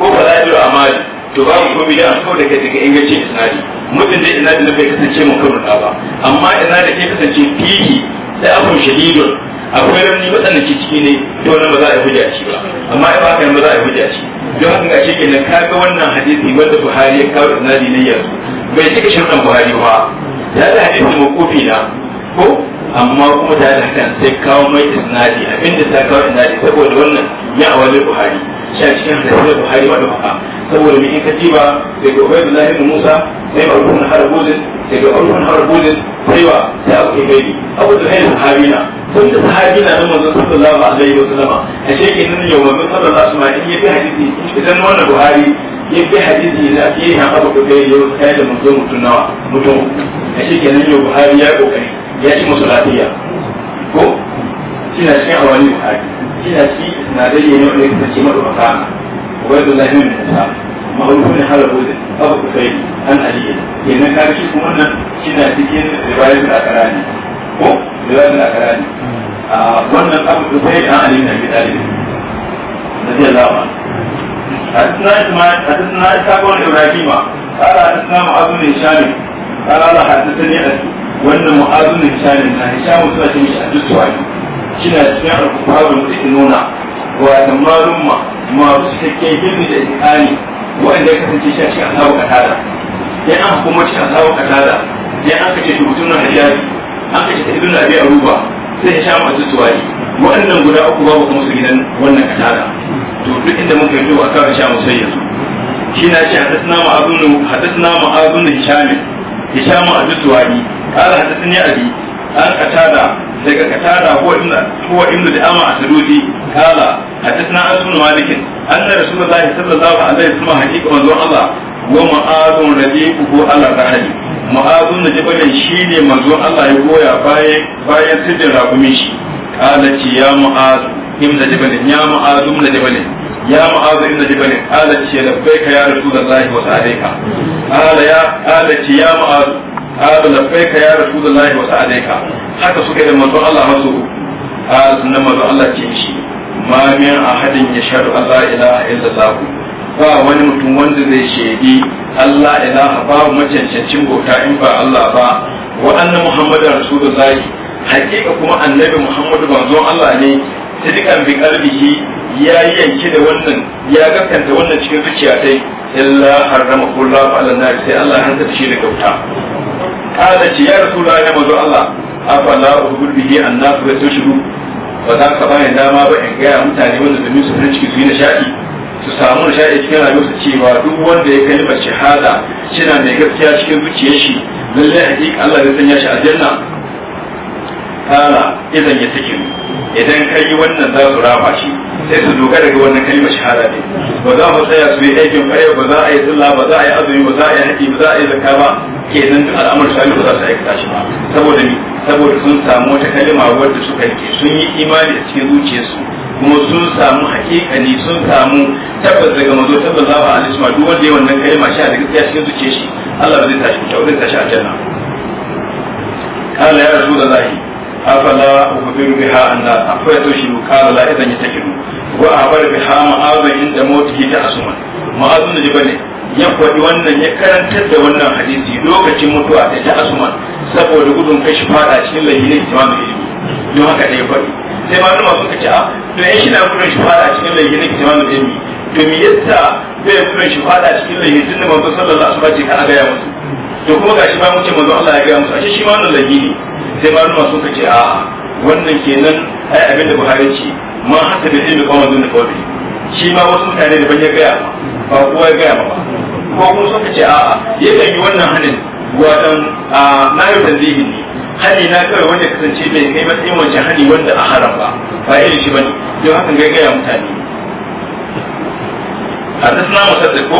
ko ba za a biro amali to babu komai da an kawo da kai daga ingancin isnadi mutum da na bai kasance mun ba amma isnadi ke kasance fihi da abun shadidun akwai rauni waɗanda ke ciki ne to nan ba za a yi hujja shi ba amma ai ba haka ba za a yi hujja shi don haka ga shi kenan ka ga wannan hadisi wanda Buhari ya kawo na ne yanzu bai cika shirkan Buhari ba ya da hadisi kofi na ko amma kuma da haka sai kawo mai isnadi abinda ta kawo isnadi saboda wannan ya awali buhari shi a cikin hadisi buhari wa duka saboda mai ka jiba daga ubaydullah ibn musa sai ba rukun harbulin daga rukun harbulin sai ba sai abu ibaidi abu da hayyan sahabina sun da sahabi na nan manzon sallallahu alaihi wasallam a shekin nan yau manzon sallallahu alaihi wa wasallam in yi hadisi idan wannan buhari yake hadisi na fi ha abu da kai yau kai da mutum mutum nawa mutum a shi kenan yau Buhari ya kokari ya ci musu lafiya ko kina cikin awani Buhari kina ci na da yin wani da ke madu aka Ubaidullahi min Musa ma'rufun halabudin abu da kai an aliyin kenan ka shi kuma nan kina cikin riwayar da akara ne ko riwayar da akara ne hmm. ah, wannan abu kai an aliyin da ke dalilin radiyallahu anhu حدثنا اسماعيل حدثنا اسحاق بن ابراهيم قال حدثنا معاذ بن هشام قال حدثني ابي وان معاذ بن هشام هشام سوى شيء حدث واحد شنو اسمع الكفار المؤمنون wato malumma masu cikakken ilmi da ikani wanda ya kasance shi a cikin asabu katada sai an hukumar cikin asabu katada sai an kace shugutun na hajjabi an kace ta ibn abi aruba sai ya sha wannan guda uku babu kuma su gidan wannan kasara to duk inda muka yi a kan sha musai yanzu shi na ce hadasna ma abunu hadasna ma a hisham hisham az-zuwari qala hadasni abi an kasara daga qatada huwa ibn huwa ibn al-ama as-sududi qala hadasna ibn malik anna rasulullahi sallallahu alaihi wasallam haqiqa manzon Allah wa ma'azun ma'adun Allah ala rahli ma'azun da jibalin shine manzon Allah ya goya bayan bayan sirrin ragumin shi قالت يا معاذ ابن جبل يا معاذ ابن جبل يا معاذ ابن جبل قالت لبيك يا رسول الله وسعديك قال يا قالت يا معاذ قال لبيك يا رسول الله وسعديك haka suka da manzon Allah masu قال سنة manzon Allah ce shi ma min ahadin yashhadu an la ilaha illa ba wani mutum wanda zai shaidi Allah ilaha babu macancancin bauta in ba Allah ba wa anna muhammadar rasulullahi hakika kuma annabi muhammadu manzon Allah ne sidikan bi qalbihi ya yanki da wannan ya gaskanta wannan cikin zuciya sai illa harrama kullahu ala nar sai Allah ya hanta shi da kauta kada ci ya rasulullahi ya manzo Allah afala uhul bihi wa tushru ba za ka bani dama ba in gaya mutane wanda domin su ne ciki su yi nishaɗi su samu nishaɗi cikin rayuwarsa cewa duk wanda ya ba shahada shina mai gaskiya cikin zuciyar shi lallai hakika Allah ya sanya shi aljanna kala idan ya take mu idan ka yi wannan za su rama shi sai su dogara daga wannan kalmar shahada ne ba za mu tsaya su yi aikin kwaye ba za a yi sallah ba za a yi azumi ba za a yi haƙi ba za a yi zakka ba kenan duk al'amur shari'a ba za su aikata shi ba saboda ni saboda sun samu wata kalma wadda suka rike sun yi imani a cikin zuciyarsu kuma sun samu hakikani sun samu tabbas daga mazo tabbas za a alisma duk wanda ya wannan kalma shi a da gaskiya cikin zuciyar shi Allah ba zai tashi ta zai tashi a janna قال يا رسول الله afala ukhbiru biha anna afa yushiru qala la idan yatakidu wa abar biha ma'azun inda mota mawtihi ta'asuman ba ne ya faɗi wannan ya karantar da wannan hadisi lokacin mutuwa da ta'asuman saboda gudun kashi fada cikin lahilin imamu ilimi don haka da ya faɗi sai ma wani masu kace a to yan shi na gudun shi fada cikin lahilin imamu ilimi to me yasa bai gudun shi fada cikin lahilin da manzo sallallahu alaihi wasallam ce ka ga ya mutu to kuma gashi ma mun ce manzo Allah ya ga mutu a shi ma wannan lahili sai ba nuna suka ce a wannan kenan ai abin da buhari ce ma hatta da ilmi kawai dun kawai shi ma wasu mutane da ban ya gaya ma ba kowa ya gaya ma ba ko kuma suka ce a ya kan yi wannan hannun wadan na yau tanzihin ne hani na kawai wanda kasance mai kai matsayin wancan hani wanda a haram ba ba irin shi bane don hakan ga gaya mutane حدثنا مصدق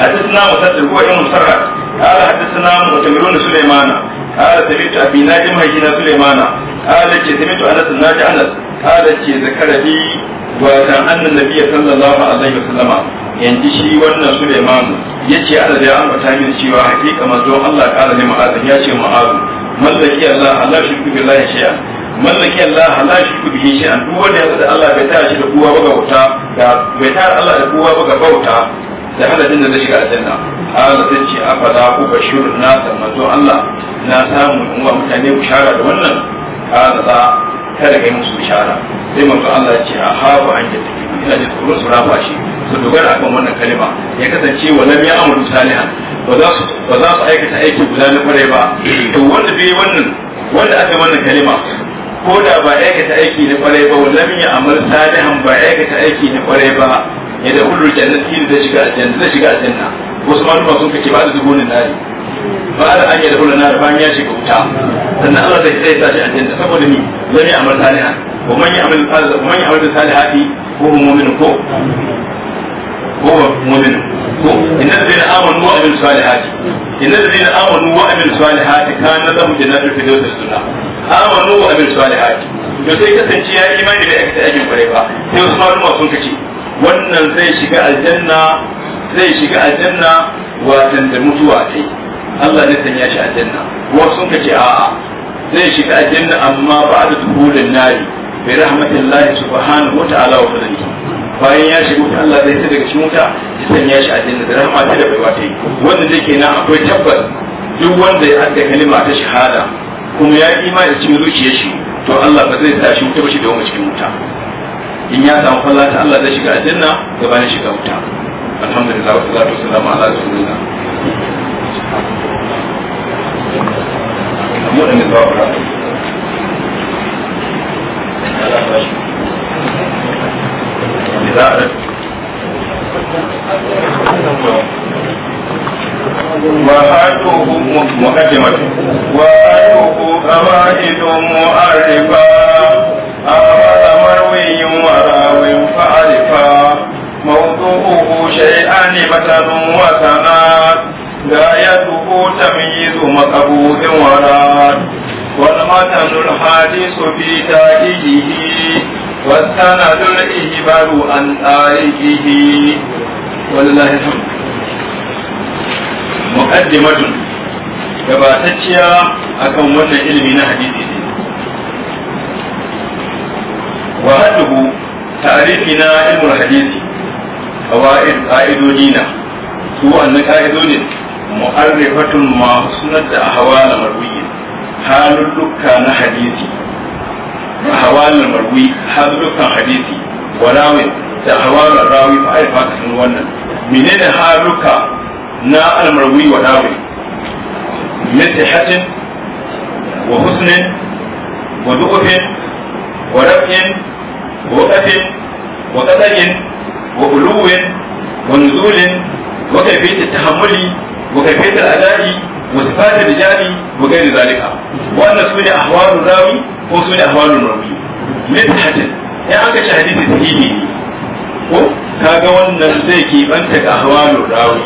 حدثنا مصدق وابن مسرع قال حدثنا مؤتمرون سليمان قال سمعت ابي ناجي هينا سليمانا قال سمعت أنس ناجي أنس قال ذكر لي وكان ان النبي صلى الله عليه وسلم yanzu shi wannan Suleiman ya ce ana da an bata min cewa hakika manzo Allah kala ne ma'azin ya ce ma'azu mallaki Allah Allah shi ku billahi mallaki Allah Allah shi ku duk wanda ya da Allah bai tara shi da kowa ba da kowa ba ga bauta da adadin da zai shiga aljanna ala ta ce afala ku bashirun na da manzo Allah na samu wa mutane bishara da wannan ala za kada kai musu bishara sai manzo Allah ya ce a hawa an yi tafi ina ji tsoron su rafa shi su dogara akan wannan kalima ya kasance wa lam ya amru salihan ba za su aikata aiki guda na kwarai ba to wanda bai wannan wanda aka wannan kalima ko da ba aikata aiki na kwarai ba wa lam ya amru salihan ba aikata aiki na kwarai ba ya da kullu jannati da shiga aljanna da shiga aljanna wasu malama sun kace ba da zubunin nari ba da an yi da hulun nari bayan ya shiga wuta sannan Allah ta sai ta shi aljanna saboda ni zai amal salihan wa man ya'mal salihan wa man ya'mal salihati ko mu'min ko ko mu'min ko innal ladina amanu wa amilus salihati innal ladina amanu wa amilus salihati kana lahum jannatul firdaus sunna amanu wa amilus salihati to sai kasance ya imani da aka aikin kwarai ba sai wasu malama sun kace wannan zai shiga aljanna zai shiga aljanna watan da mutuwa ta yi Allah ne sanya shi aljanna wasu sun kace a'a zai shiga aljanna amma ba da duhulin nari bi rahmatillahi subhanahu wata'ala wa fadlihi bayan ya shiga wuta Allah zai ta daga cikin wuta ya sanya shi aljanna da rahma ta da baiwa ta yi wanda take nan akwai tabbas duk wanda ya adda kalima ta shahada kuma ya imani cikin zuciyar shi to Allah ba zai sa shi wuta ba shi da wani cikin wuta in ya samu falla ta Allah zai shiga aljanna shiga wuta alhamdulillah wa salatu wa ala rasulillah mu da mai zuwa وآتوه مقدمة وآتوه قواعد معرفة أمر مروي عارفا موضوعه شيئان مثل وسنات غايته تمييز مقبوض وراد والمتن الحادث في تائهه والسند الإهبال عن تاركه ولله الحمد مقدمة gabatacciya akan wannan ilimi na hadisi ne wa hadduhu ta'arifi na ilmul hadisi qawaid qa'idoji na su wannan qa'idojin na hadisi ahwal marwi halullukan hadisi da ahwal rawi fa ai fa na almarwi وقدر وغلو ونزول وكيفية التحمل وكيفية الأداء وصفات الرجال وغير ذلك وأن سوني أحوال الراوي وسوني أحوال الراوي من حدث يعني أنك شهدت تهيني ko kaga wannan zai kibanta ga ahwalul rawi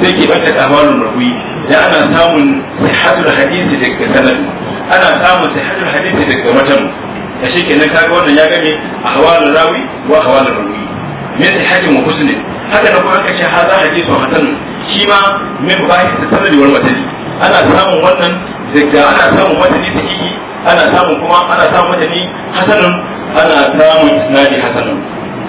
sai kibanta ga ahwalul marwi da ana samun sihhatul hadisi daga sanad ana samun daga da shi kenan kaga wannan ya gane ahwalur rawi wa ahwalur rawi min haji wa husnin haka da kuma kace hadha hadithun hasan shi ma min bahi sanadi wal matani ana samun wannan daga ana samun matani yi ana samun kuma ana samun matani hasanun ana samun isnadi hasanun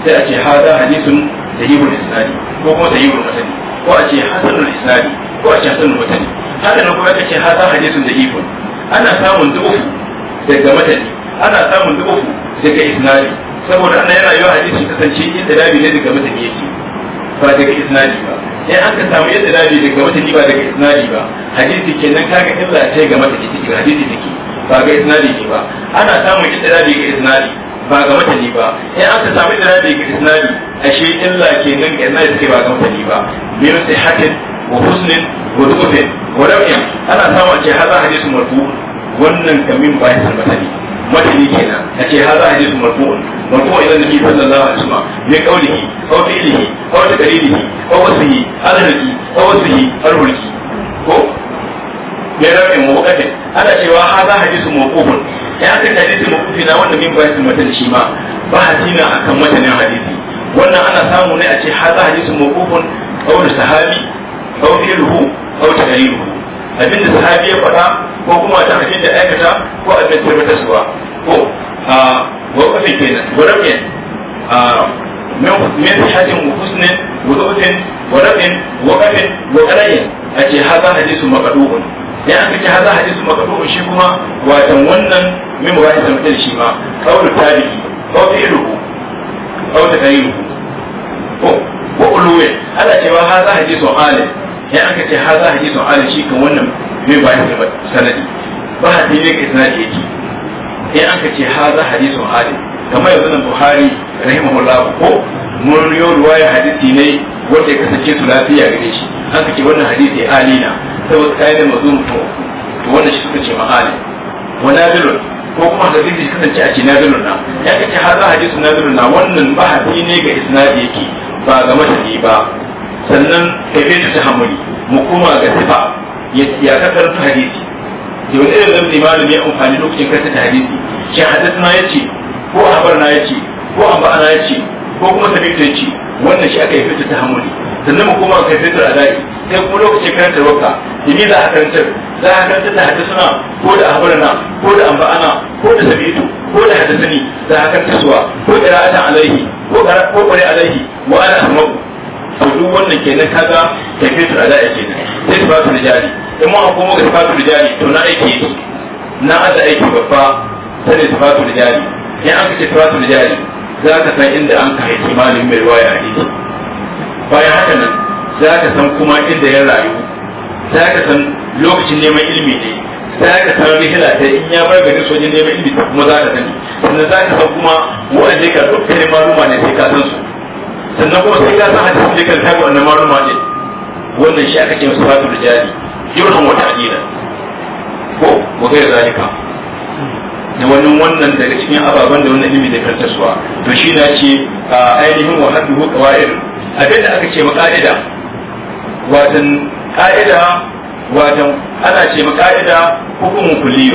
sai a ce hadha hadithun sahihul isnadi ko kuma sahihul matani ko a ce hasanul isnadi ko a ce hasanul matani haka da kuma kace hadha da da'ifun ana samun dufu daga matani ana samun duk uku daga isnadi saboda ana yana yi hadisi kasance yadda dabi ne daga mata yake ba daga isnadi ba sai an ka samu yadda dabi daga mata ba daga isnadi ba hadisi kenan kaga illa ce ga mata take hadisi take ba ga isnadi ke ba ana samun yadda dabi ga isnadi ba ga matani ba an ka samu da dabi ga isnadi ashe illa kenan ga isnadi take ba ga matani ba min sihatin wa husnin wa dufin wa rawiyan ana samu ce hadisi hadisu marfu wannan kamin ba ya san ne. matani kenan ya ce haza hadisi marfu'un marfu' ila nabi sallallahu alaihi wasallam bi qawlihi aw fi'lihi aw taqririhi aw wasihi alhaki ko. wasihi alhulki ko bai rabe mu wakatin ana cewa haza hadisi mawqufun ya aka hadisi mawqufi na wanda min bayan matan shi ma ba hadina akan matanin hadisi wannan ana samu ne a ce haza hadisi mawqufun aw sahabi aw fi'luhu aw taqriruhu abin da sahabi ya faɗa ko kuma ta hadin da aikata ko abin da ta suwa ko a wakafi kenan a min sihhatin wa husnin wa dhufin wa rabin wa qafin wa qarayin ace haza hadisu maqduun ya an kace haza hadisu maqduun shi kuma watan wannan min wa hadisin mutum shi ma qawl tabi'i qawl ko ta takayyu ko ko uluwe ana cewa haza hadisu alim ya aka ce haza hadisu ala shi kan wannan mai ba shi da sanadi ba hadisi ne kai sanadi yake ya aka ce haza hadisu ala kamar yanzu nan Buhari rahimahullah ko mun ruwa ya hadisi ne wanda ya kasance su lafiya gare shi aka ce wannan hadisi alina saboda kayan da mazun to to wannan shi suka ce ma'ali wa nabilun ko kuma hadisi shi kasance a ce nabilun na ya kace haza hadisu nabilun na wannan ba hadisi ne ga isnadi yake ba ga matani ba sannan kaifiyatu tahammuli mu koma ga sifa ya kasar hadisi da wani irin zamani malam ya amfani lokacin karta ta hadisi shi na ya ce ko habar na ya ce ko amma na ya ce ko kuma sabita ya ce wannan shi aka yi fita ta hamuli sannan mu koma kai fitar adai sai kuma lokacin karanta roka yini za a karantar za a karanta hadis na ko da na ko da amba'ana ko da sabitu ko da ni za a karanta suwa ko qira'atan alaihi ko qira'a alaihi wa ala ahmadu to duk wannan kenan kaga takfirul ada'i ne sai fasu rijali in ko akwai muka fasu rijali to na aiki yake na aza aiki babba ta ne da fasu rijali in an kace fasu rijali za ka san inda an kai kimanin mai waya a hadisi bayan haka nan za ka san kuma inda ya rayu za ka san lokacin neman ilimi ne za ka san rihila ta in ya bar gari sojin neman ilimi ta kuma za ka sani sannan za ka san kuma wanda ka dukkanin maluma ne sai ka san su sannan kuma sai ka san hadisi da kan tabi wannan marun majin wannan shi aka ce masa fatu rijali yurhan wata adina ko wa gaira zalika da wani wannan daga cikin ababen da wannan ilimi da suwa to shi na ce a ainihin wa haddu hu qawaid abin da aka ce maqaida ka'ida watan ka'ida watan ana ce maqaida ka'ida hukumun kulli.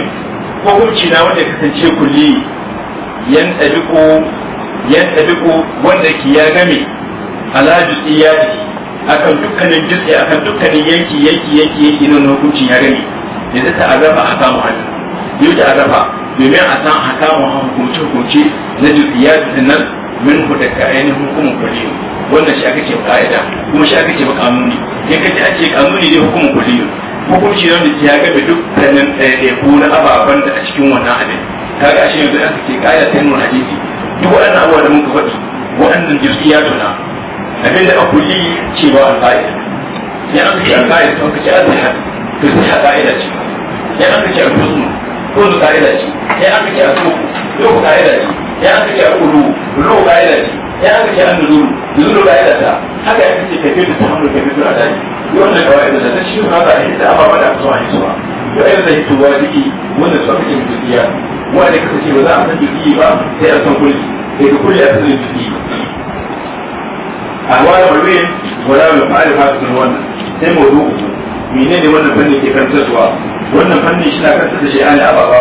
hukunci na wanda kasance kulli yan tabiqu yadda ko wanda ki ya game ala juz'iyati akan dukkanin juz'i akan dukkanin yanki yanki yanki yanki na hukuncin ya game yanzu ta azafa a samu hannu yau ta azafa domin a san a samu hukunci hukunci na juz'iyati nan min ku daga ainihin hukumin kuliyu wannan shi aka ce ka'ida kuma shi aka ce ba kanuni in ka ce a ce kanuni ne hukumin kuliyu hukunci ne wanda ya game dukkanin ɗaiɗaiku na ababen da a cikin wannan abin kaga ashe yanzu aka ce ka'ida ta yin hadisi duk waɗannan abubuwan da muka faɗi waɗannan jirgiya tuna abin da aku yi cewa alfa'ida ya an kace alfa'ida to kace alfa'ida to sai alfa'ida ce ya an kace alfa'ida dole ka'ida ce ya an kace a tuku tuku ka'ida ce ya an kace a ulu ulu ka'ida ce ya an kace an nuzulu nuzulu ka'ida ta haka ya kace kai da tahammul kai da adai wannan kawai da ta shi ma ba ita ba ba da kuma yin suwa to ai da hito wa diki wannan suwa kake mutiya wanda kake ce ba za a san diki ba sai a san kulli sai kulli a san diki ahwal marwin wala al-ma'rifatu wannan sai mawdu'u menene wannan fanni ke kantarwa wannan fanni shi na kasar da shi'ani a babu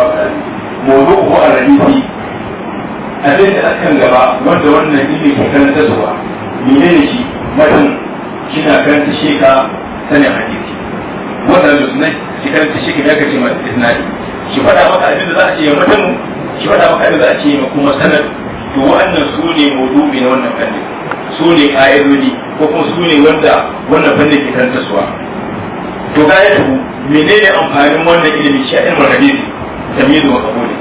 mawdu ko a rarifi zai da askan gaba wanda wannan ilmi ke kan tasowa mine ne shi matan kan ta shi ka ne hadisi wannan lusunai ki karanta shi sheka daga ce mata isnadi ki faɗa maka abin da za a ce ya matan ki faɗa maka abin da za a ce ma kuma sanar to wa'annan su ne mawdu'i na wannan fanni su ne ka'idodi ko kuma su ne wanda wannan fanni ke kan tasowa. to ga yadda menene amfanin wannan ilimi shi a ilmin hadisi tamyizu makabuli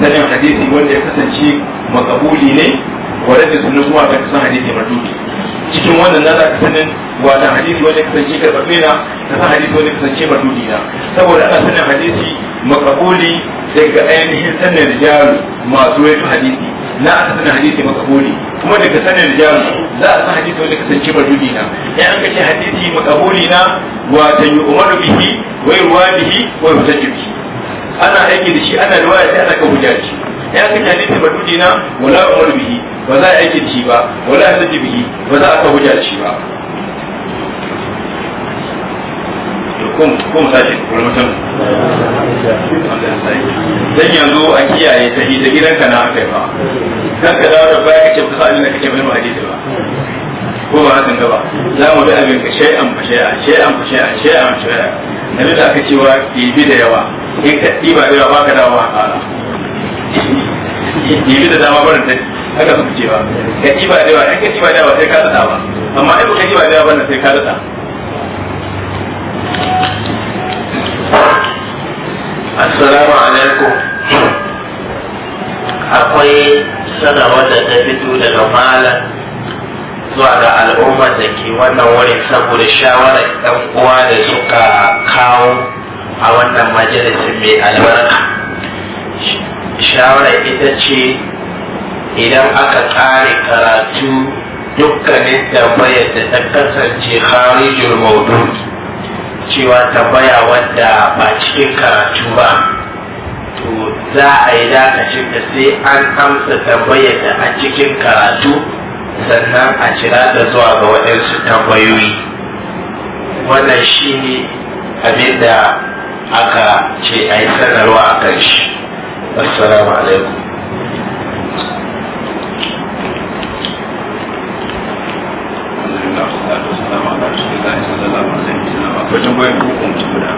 sanin hadisi wanda ya kasance makabuli ne wadda da sunan zuwa ga kasan hadisi marduki cikin wannan na zaka sanin wani hadisi wani kasance karɓaɓɓe na ta san hadisi wani kasance matudi na saboda ana sanin hadisi makabuli daga ainihin sanin rijalu masu wani hadisi na aka sanin hadisi makabuli kuma daga sanin rijalu za a san hadisi wani kasance matudi na ya an kashe hadisi makabuli na wata yi umaru bihi wai ruwa bihi wai hujjaji ana aiki da shi ana riwaya sai ana kan hujjaji ya kashe hadisi matudi na wala umaru bihi ba za a aiki da shi ba wala a saki bihi ba za a ka hujja da shi ba kuma sashi wani mutum dan yanzu a kiyaye ta gidan gidanka na aka yi ba kan ka dawo da baya kace ba sa'alin da kake mai ma hadisi ba ko ba hakan gaba za mu bi abin ka an shay'an fa shay'a shay'an fa shay'a shay'an fa shay'a nabi da aka cewa bi da yawa in ka ɗiba da yawa ba ka dawo a ƙara ɗibi da dama barin ta haka suka cewa ka ɗiba da yawa in ka ɗiba da yawa sai ka daɗa ba amma in ka ɗiba da yawa wannan sai ka daɗa assalamu alaikum akwai sanarwar da ta fito daga malam zuwa ga al'ummar da ke wannan wurin saboda shawarar ɗan uwa da suka kawo a wannan majalisin mai albarka shawarar ita ce idan aka tsare karatu dukkanin tambayar da ta kasance kharijul maudu'i cewa tambaya wadda ba cikin karatu ba to za a yi dakacin da sai an amsa tambayar da a cikin karatu sannan a cira da zuwa ga waɗansu tambayoyi wannan shi ne abin da aka ce a yi sanarwa a kan shi assalamu alaikum bayan hukun guda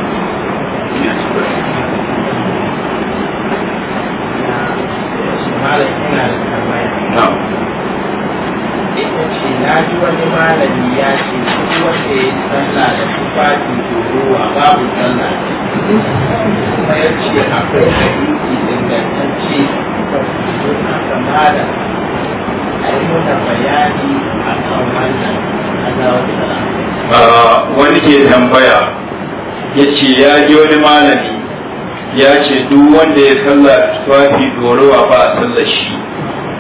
na ji wani malami ya ce duk wanda ya yi da da tufafi ruwa babu sallah kuma ya ce akwai hadisi ingantacce suna kama da a yi bayani a kan wannan wani ke tambaya ya ce ya ji wani malami ya ce duk wanda ya salla tufafi dorowa ba a sallar shi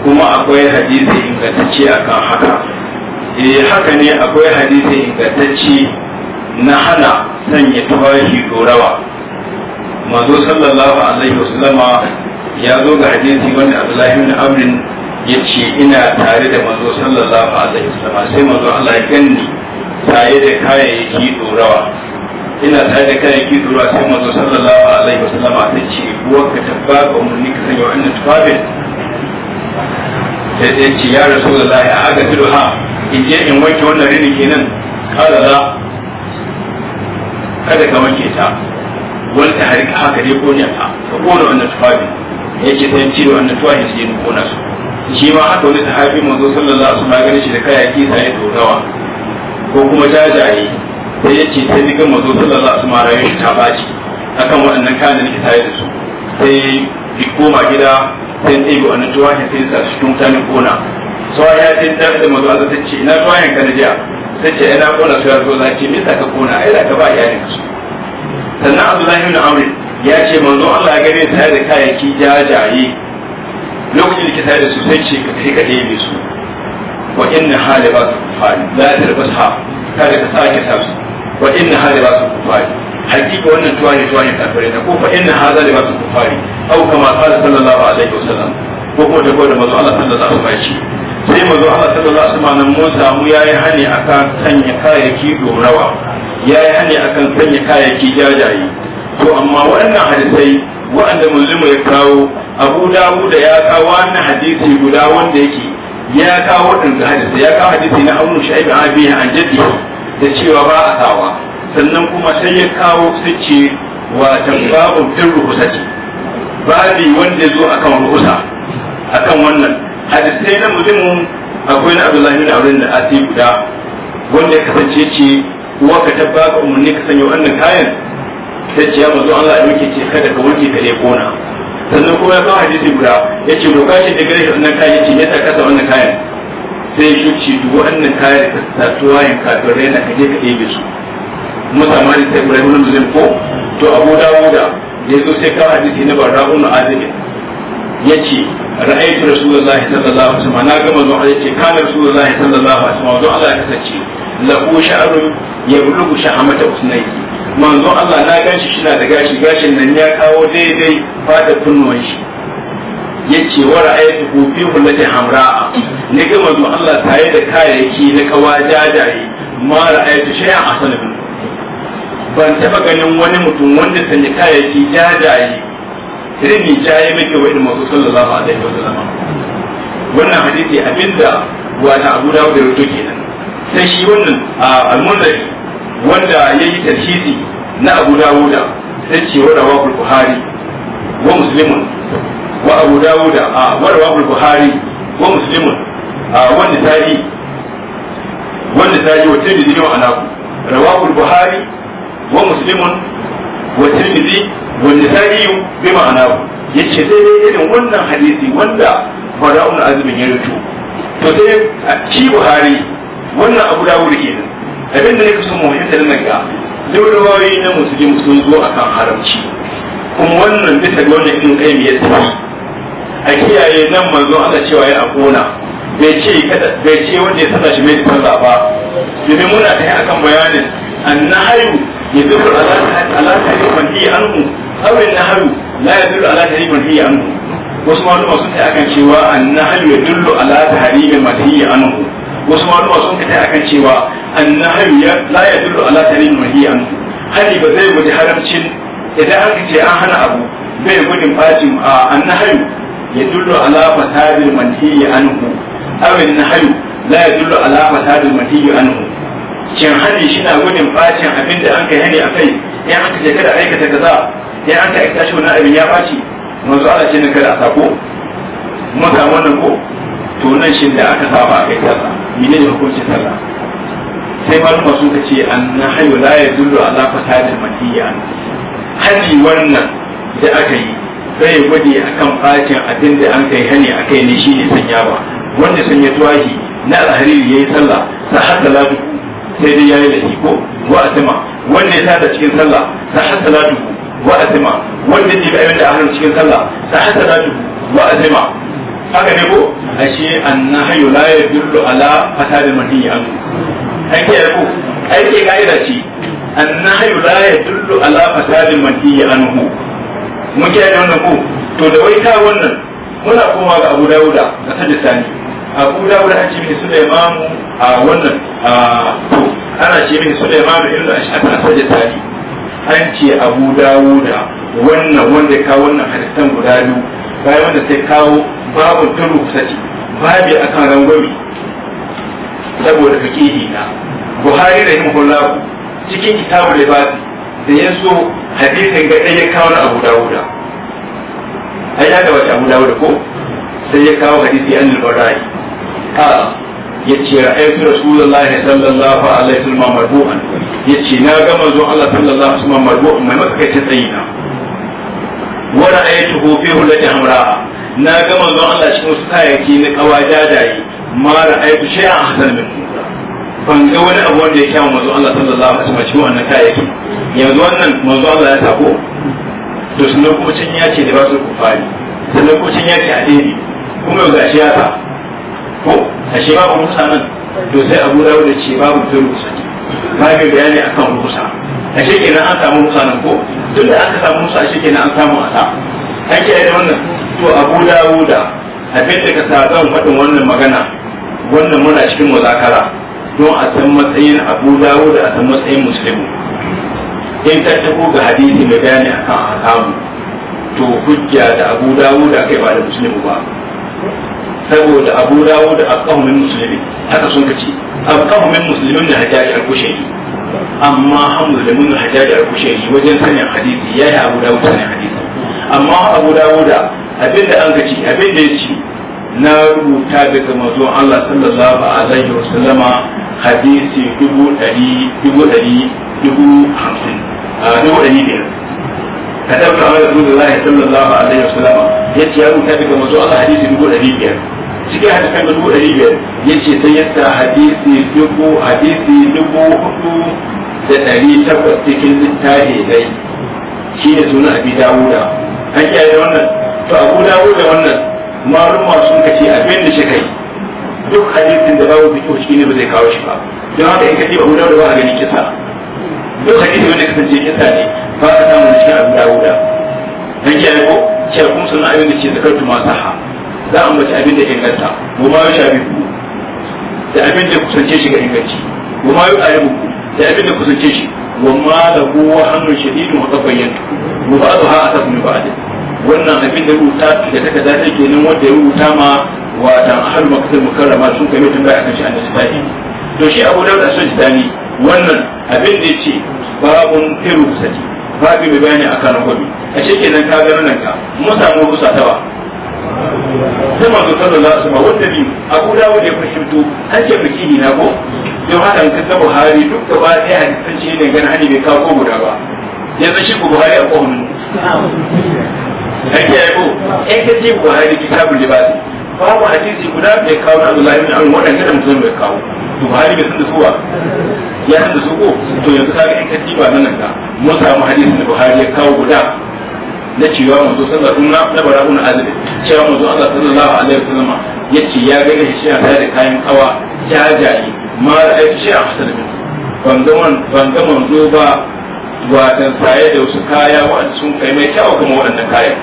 kuma akwai hadisi ingantacce akan haka eh haka ne akwai hadisi ingantacce na hana sanya tufafi dorowa mazo sallallahu alaihi wasallama ya zo ga hadisi wani abdullahi bin amrin ya ce ina tare da manzo sallallahu alaihi wasallam sai manzo Allah ya ganni tare da kayayyaki dorawa ina tare da kayayyaki dorawa sai manzo sallallahu alaihi wasallam ya ce buwar ka tabba ga umarni ka sanya wannan tufafin sai sai ce ya rasulullahi a aga tudu ha in je in wanke wannan rini kenan kada la kada ka wanke ta wani ta harika haka dai ko ne ta ka kona wannan tufafin ya ce sai cire wannan tufafin sai ya kona su shi ma haka wani sahabi manzo sallallahu alaihi wasallam gani shi da kayaki sai tsorawa ko kuma jajaye sai ce sai ni ga manzo sallallahu alaihi wasallam rayuwar ta baci akan waɗannan kayan da nake tare da su sai bi koma gida sai dai bi wannan tuwahin sai sa tun tani kona so ya ce da da manzo Allah ta ce ina tuwahin ka na jiya sai ce ina eh, kona su ya zo na ce misa ka kona ai ka ba iyalin ka sannan Abdullahi ibn Amr ya ce manzo Allah ya gane sai da kayaki jajaye lokacin da ke tare da su sai ce ka kai ka ɗebe su wa inna hali ba su kufari la ta rabas ha kada ka sake sa su wa inna hali ba su kufari hakika wannan tuwani tuwani kafirai ta ko fa inna hali ba su kufari au kama qala sallallahu alaihi wa sallam ko kuma da gwada mazu Allah sallallahu alaihi wasallam sai mazu Allah sallallahu alaihi wasallam mun samu ya yi hani akan sanya kayayyaki rawa ya yi hani akan sanya kayayyaki jajaye to amma waɗannan hadisai waɗanda muslimu ya kawo abu dawuda ya kawo wannan hadisi guda wanda yake ya kawo waɗanda hadisi ya kawo hadisi na abu shaib abi an jaddi da cewa ba a sawa sannan kuma sai ya kawo su ce watan babu bin ce babi wanda zo akan rukusa akan wannan hadisai na muslimu akwai na abdullahi bin auren da asi guda wanda ya kasance ce wa ka tabba ka umarni ka sanya wannan kayan sai ce ya manzo Allah ya wuce ce kada ka wuce ka leko kona sannan kuma ya kawo hadisi guda ya ce roka shi da gare shi wannan kayan ya ce ya saka sa wannan kayan sai ya shuci duk wannan kayan ka sa tuwayen kafirai na kaje ka ɗebe su musa mali sai ibrahim ibn muslim ko to abu dawuda ya zo sai kawo hadisi na barra na azib ya ce ra'aytu rasulullahi sallallahu alaihi wasallam na ga manzo Allah ya ce kana rasulullahi sallallahu alaihi wasallam manzo Allah ya kasance lahu sha'run yablughu sha'amata usnayki manzo Allah na gashi shina da gashi gashin nan ya kawo daidai fata kunnuwan shi yace wa ra'aytu hu fi hullati hamra'a ne ga manzo Allah tare da kayayyaki na kawa jajaye ma ra'aytu shay'an asana ban taba ganin wani mutum wanda sanya kayayyaki jajaye irin ni jaye muke wa ilmu sallallahu alaihi wa sallam wannan hadisi abinda wa ta Abu Dawud da rubuto kenan sai shi wannan al wanda ya yi tarhisi na abu dawuda sai ce wa rawahu buhari wa muslimun wa abu dawuda a wa rawahu buhari wa muslimun a wanda tayi wanda tayi wa tirmidhi wa anaku rawahu buhari wa muslimun wa tirmidhi wa nisa'i bi ma'anahu yace sai dai irin wannan hadisi wanda fara'un azumin ya rutu to sai a ci buhari wannan abu dawuda kenan abin da nake so mu fahimta nan ga dole na musulmi sun zo akan haramci kuma wannan bisa ga wannan irin kai mai yasa a kiyaye nan manzo Allah cewa ya akona bai ce kada bai ce wanda ya saka shi mai tsalla ba domin muna ta yi akan bayanin annahayu yadullu ala ala tarifan hi anhu aw annahayu la yadullu ala tarifan hi anhu wasu malama sun ta akan cewa annahayu yadullu ala tarifan hi anhu wasu malama sun kai akan cewa annahu ya la yadullu ala tarin mahiyan hali ba zai guji haramcin idan an ce an hana abu bai gudun bacin a annahu yadullu ala fasadil manhiyi anhu aw annahu la yadullu ala fasadil manhiyi anhu kin hali shi na gudun abin abinda an kai hani akai in an ce kada aikata kaza in an ka aikata shi wannan abin ya baci manzo Allah shi ne kada a sako mun samu wannan ko tunan shi da aka saba kai sallah mene ne hukuncin sallah sai malama sun ce annahayu la yadullu ala fasadil matiyan haji wannan da aka yi sai ya akan bacin abin da an kai hani akai ne shine sanya ba wanda sanya tuwahi na alhariri yi sallah sa hatta la sai dai yayi lahi ko wa asma wanda ya tada cikin sallah sa hatta la wa asma wanda ya bi abin da ahlul cikin sallah sa hatta la wa asma haka ne ko ashe annahyu la yadullu ala fasad manhi an kai ke ko kai ke ida ce annahyu la yadullu ala fasad manhi anhu mun ke da wannan ko to da wai ka wannan muna koma ga Abu Dawuda da Sajistani Abu Dawuda an ce mai Sulaiman a wannan a to ana ce mai Sulaiman ibn a Sajistani an ce Abu Dawuda wannan wanda ka wannan hadisan guda biyu bayan wanda sai kawo babu turu sace babi akan rangwami saboda fakihi na buhari rahimahullahu cikin kitabul ibadi da ya so hadisin ga ɗaya kawo na abu dawuda ai ya gabata abu dawuda ko sai ya kawo hadisi an al-barai a ya ce ra'aytu rasulullahi sallallahu alaihi wasallam marbu'an ya ce na ga manzo Allah sallallahu alaihi wasallam marbu'an mai tsayi tsayina wa ra'aytuhu fi hulati amra na ga manzon Allah cikin wasu kayayyaki na kawa jajaye ma ra'aytu shay'an hasan min ban ga wani abu wanda ya kyamu manzon Allah sallallahu alaihi wasallam cikin wannan kayaki yanzu wannan manzon Allah ya sako to sun lokacin ya ce da ba su kufari sun lokacin ya ce a daidai kuma yau gashi ya sa ko a shi babu mutanen to sai abu dawo da ce babu turu rusa ba ga bayani akan rusa a ashe na an samu musa nan ko tun da aka samu musa ashe kenan an samu asa an kiyaye da wannan to abu dawuda abin da ka sa zan faɗin wannan magana wannan muna cikin muzakara don a san matsayin abu dawuda a san matsayin musulmi in ta tafi ga hadisi mai bayani akan akamu to hujja da abu dawuda kai ba da musulmi ba saboda abu dawo da akahumin musulmi haka sun kace amma hamdu da mun hajjaji al-kushairi wajen sanin hadisi yayi abu dawo da sanin hadisi amma abu dawo da abin da an kace abin da yake na rubuta daga manzon Allah sallallahu alaihi wasallama hadisi dubu dari dubu ɗari dubu hamsin dubu biyar ka rasulullahi sallallahu alaihi ya rubuta Allah hadisi dubu biyar cikin hadisan dubu ɗari biyar ya ce sai yadda hadisi dubu hadisi dubu hudu da ɗari takwas cikin littafi dai shi ne suna abi dawuda an kiyaye wannan to abu dawuda wannan malum masu ka ce abin da shi kai duk hadisin da babu fikihu shi ne ba zai kawo shi ba don haka in ka ce abu dawuda ba a gani kisa duk hadisi wanda kasance kisa ne ba ka samu cikin abu dawuda an kiyaye ko cewa kuma suna abin da ke zakar masu ha za a mace abin da inganta mu ma yau shafi ku da abin da kusance shi ga inganci mu ma yau ayi muku da abin da kusance shi wa ma da kowa hannun shadidin wa kafayen mu ba su ha a tafi ba da wannan abin da rubuta da ta kaza ta kenan wanda ya rubuta ma wa dan ahal makasar mukarrama sun kai mutum ba a kan shi an da to shi abu da sun sitani wannan abin da ya ce babun firu sati babu mai bayani akan hukumi a cikin kenan ka ga nan ka mu samu rusa ta ba sai manzo sallallahu alaihi wasallam wanda a Abu Dawud ya ce hace ne na ko yau haka kan kasa Buhari duk gaba ɗaya hadisan ce ne gani hannu mai kawo guda ba yanzu shi Buhari a kowanne. Ake ya ko, ya ka ce Buhari kitabun libasi, babu hadisi guda bai kawo na Abdullahi bin Amr waɗanda da mutum bai kawo. Buhari bai san da suwa, ya san da su ko, to yanzu kaga ya ka ba nan da, mun samu hadisin da Buhari ya kawo guda na cewa manzo sallallahu alaihi wasallam na barahun azabi cewa manzo Allah sallallahu alaihi wasallam yace ya ga ga shi a da kayan kawa jajaye ma ra'ayi shi a hasan min wanda man ban ga manzo ba watan saye da wasu kaya wa'anda sun kai mai kyau kuma waɗannan kayan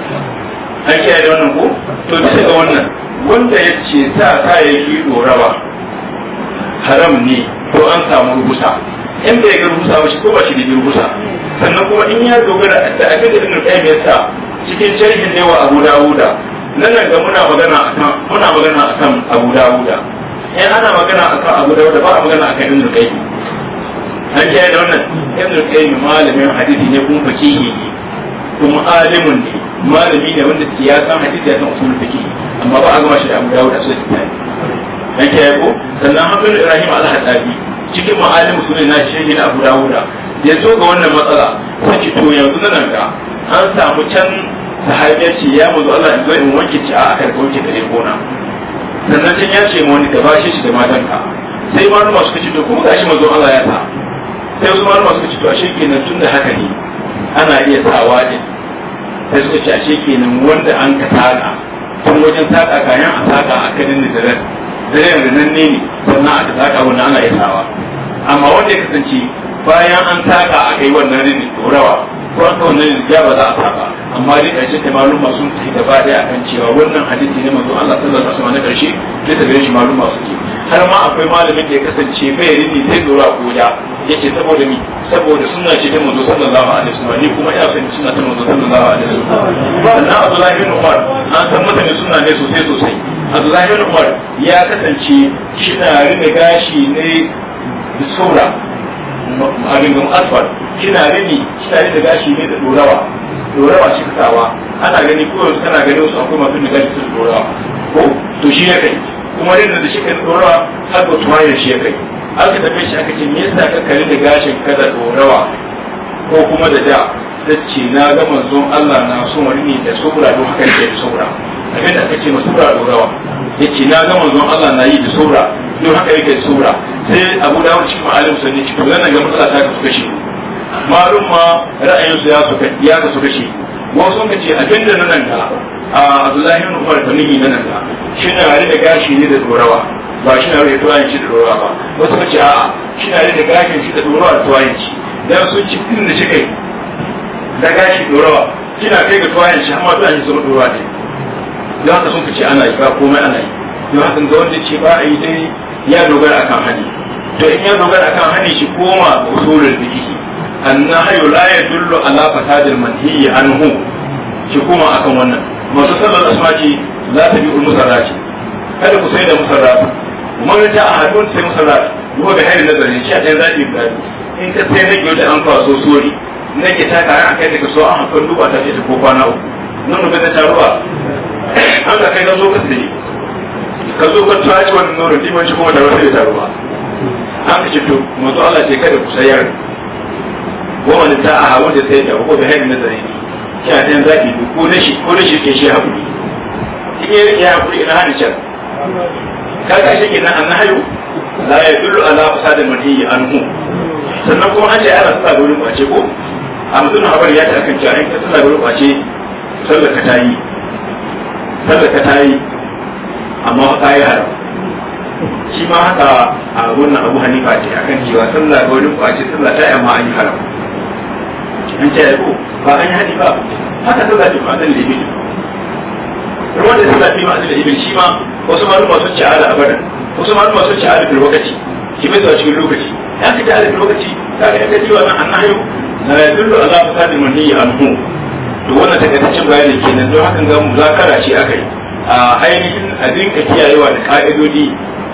an kiyaye da wannan ko to bisa ga wannan wanda ya ce sa kayayyaki dorawa haram ne ko an samu rubuta in bai ga rusa ba shi ko ba shi ne rusa sannan kuma in ya dogara da aka da ibn kai ya sa cikin sharhin ne wa Abu Dawuda nan nan ga muna magana akan muna magana akan Abu Dawuda in eh, ana magana akan Abu Dawuda ba a magana akan ibn qayyim an ce da wannan ibn qayyim malamin hadisi ne kuma fakihi ne kuma alimun ne malami ne wanda ya san hadisi ya san usul fiqh amma ba a gama shi da Abu Dawuda sai ta yi an ji ko sannan Hamdu Ibrahim al-Hadabi cikin ma'alin musulun na shehi na abu dawuda ya zo ga wannan matsala ta ki to yanzu nan ga an samu can sahabiyar ce ya mazu Allah ya zo in wanke ci a aka ko ki dare gona sannan can ya ce ma wani da bashi shi da matanka sai ruwa suka ci to kuma gashi mazu Allah ya sa sai wasu ruwa suka ci to ashe kenan tun da haka ne ana iya sawa din sai suka ci ashe kenan wanda an ka saka tun wajen saka kayan a saka a kanin nijirar zuriyar ganin ne ne sannan aka saka wani ana iya sawa amma wanda ya kasance bayan an taka aka yi wannan rini rawa ko an kawo rini ya ba za a saba amma dai karshe ta maluma sun ta gaba daya akan cewa wannan hadisi ne mazo Allah sallallahu alaihi wasallam na karshe ke ta gare shi maluma suke har ma akwai malamin da ya kasance bai rini sai dora goja yake saboda mi saboda sunna ce ta manzo sallallahu alaihi wasallam ni kuma ina san suna ta manzo sallallahu alaihi wasallam sannan Abdullahi bin Umar an san mutane suna ne sosai sosai Abdullahi bin Umar ya kasance shi na rini gashi ne da saura abin gan asfar kina rini kina rinne gashi ne da dorawa dorawa shi kasawa ana gani ko kana gani wasu akwai masu da gashi su dorawa ko to shi ne kai kuma yadda da shi ka har ba tuwa da shi ya kai aka tafi shi aka ce me yasa ka kare da gashin ka da dorawa? ko kuma da da ta ce na ga manzon Allah na so wani ne da sura don haka yake da sobra abin da aka ce ma sura dorawa ya ce na ga manzon Allah na yi da sura don haka yake da sai abu dawud cikin alim sun ne cikin wannan ga matsala ta ka suka shi malum ma ra'ayinsu ya suka ya suka shi wasu ka ce abin da nan ka a Abdullahi ibn Umar ta nihi nan ka shi na da gashi ne da dorawa ba shi na da tuwayin da dorawa ba wasu ka ce a'a shi na da gashin shi da dorawa da tuwayin shi dan sun ci din da shi kai da gashi dorawa shi na kai ga tuwayin shi amma tuwayin shi zama dorawa ne don haka sun ka ce ana yi ba komai ana yi don haka ga wanda ce ba a yi dai ya dogara akan hali to in ya dogara akan hani shi koma usulul hayo layar la yadullu ala fasadil manhi anhu shi koma akan wannan masu sallar asmaji za ta bi musarrati kada ku sai da musarrati kuma ga ta ahadun sai musarrati duba ga hayar nazari shi a ɗan zaɓi guda in ka sai nake wata an kwaso sori nake ta kare a kai da so an hakan duba ta ce ta ko kwana uku nan nufin ta taruwa an ga kai na zo ka sai ka zo ka tashi wani nuru liman shi kuma da wasu ya taruwa aka ce to manzo Allah ce kada ku sayar wa man ta a sai da ko da hayar nazari ki a dan zaki ko da ko da shi ke shi hakuri in ya rike ina hadi can kaga shi kenan annahu la dulu ala fasad al anhu sannan kuma an ce ana sallah gurin kwace ko a mutum abar ya ta kan ci in ka sallah gurin kwace sallaka ta tayi sallaka tayi amma ka yi haram shi ma haka a wannan abu hanifa ce akan cewa sallah ga wani kwace sallah ta yamma an yi haram an ce ko ba an yi hadi ba haka sallah ce ma zan lebe ruwan da sallah ce ma zan lebe shi ma wasu maluma sun ci ala abadan wasu maluma sun ci ala lokaci ki bai zuwa cikin lokaci ya fi ci ala lokaci ta ga yadda cewa nan an hayo na ya dullu ala mun maniyyi anhu to wannan cin bayani kenan don hakan ga mu zakara shi akai a ainihin a dinka kiyayewa da ka'idodi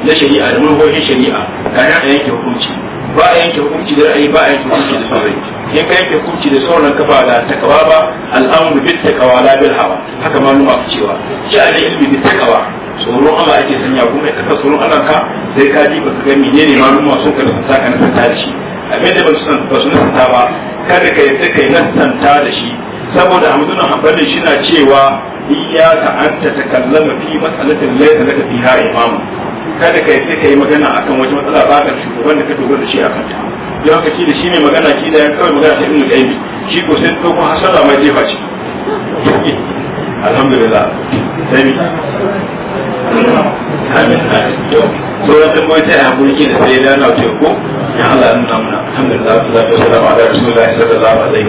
na shari'a da manufofin shari'a kana a yanke hukunci ba a yanke hukunci da ra'ayi ba a yanke hukunci da saurayi in ka yanke hukunci da sauran ka ba da takawa ba al'amru bit takawa la bil hawa haka ma numa ku cewa shi a da ilmi bit takawa tsoron Allah ake sanya kuma kaka tsoron Allah ka sai ka ji ba ka ga menene ma numa sun ka nasanta ka nasanta da shi abin da ba su nasanta ba kada ka yi sai ka yi nasanta da shi saboda amduna hanbali shi na cewa iyyaka an ta takallama fi mas'alatin laysa laka fiha imamu kada kai sai yi magana akan wata matsala ba ka shugaban wanda ka dogara da shi a kanta. don haka da shi ne magana ci da ya kawai magana ta ibnu qayyim shi ko sai ko hasara mai jefa ce alhamdulillah sai mi amin sauran tambayoyi ta a hankuli ke da sai da na wuce ko ya Allah ya nuna muna alhamdulillah sallallahu alaihi wa sallam ala rasulullahi sallallahu alaihi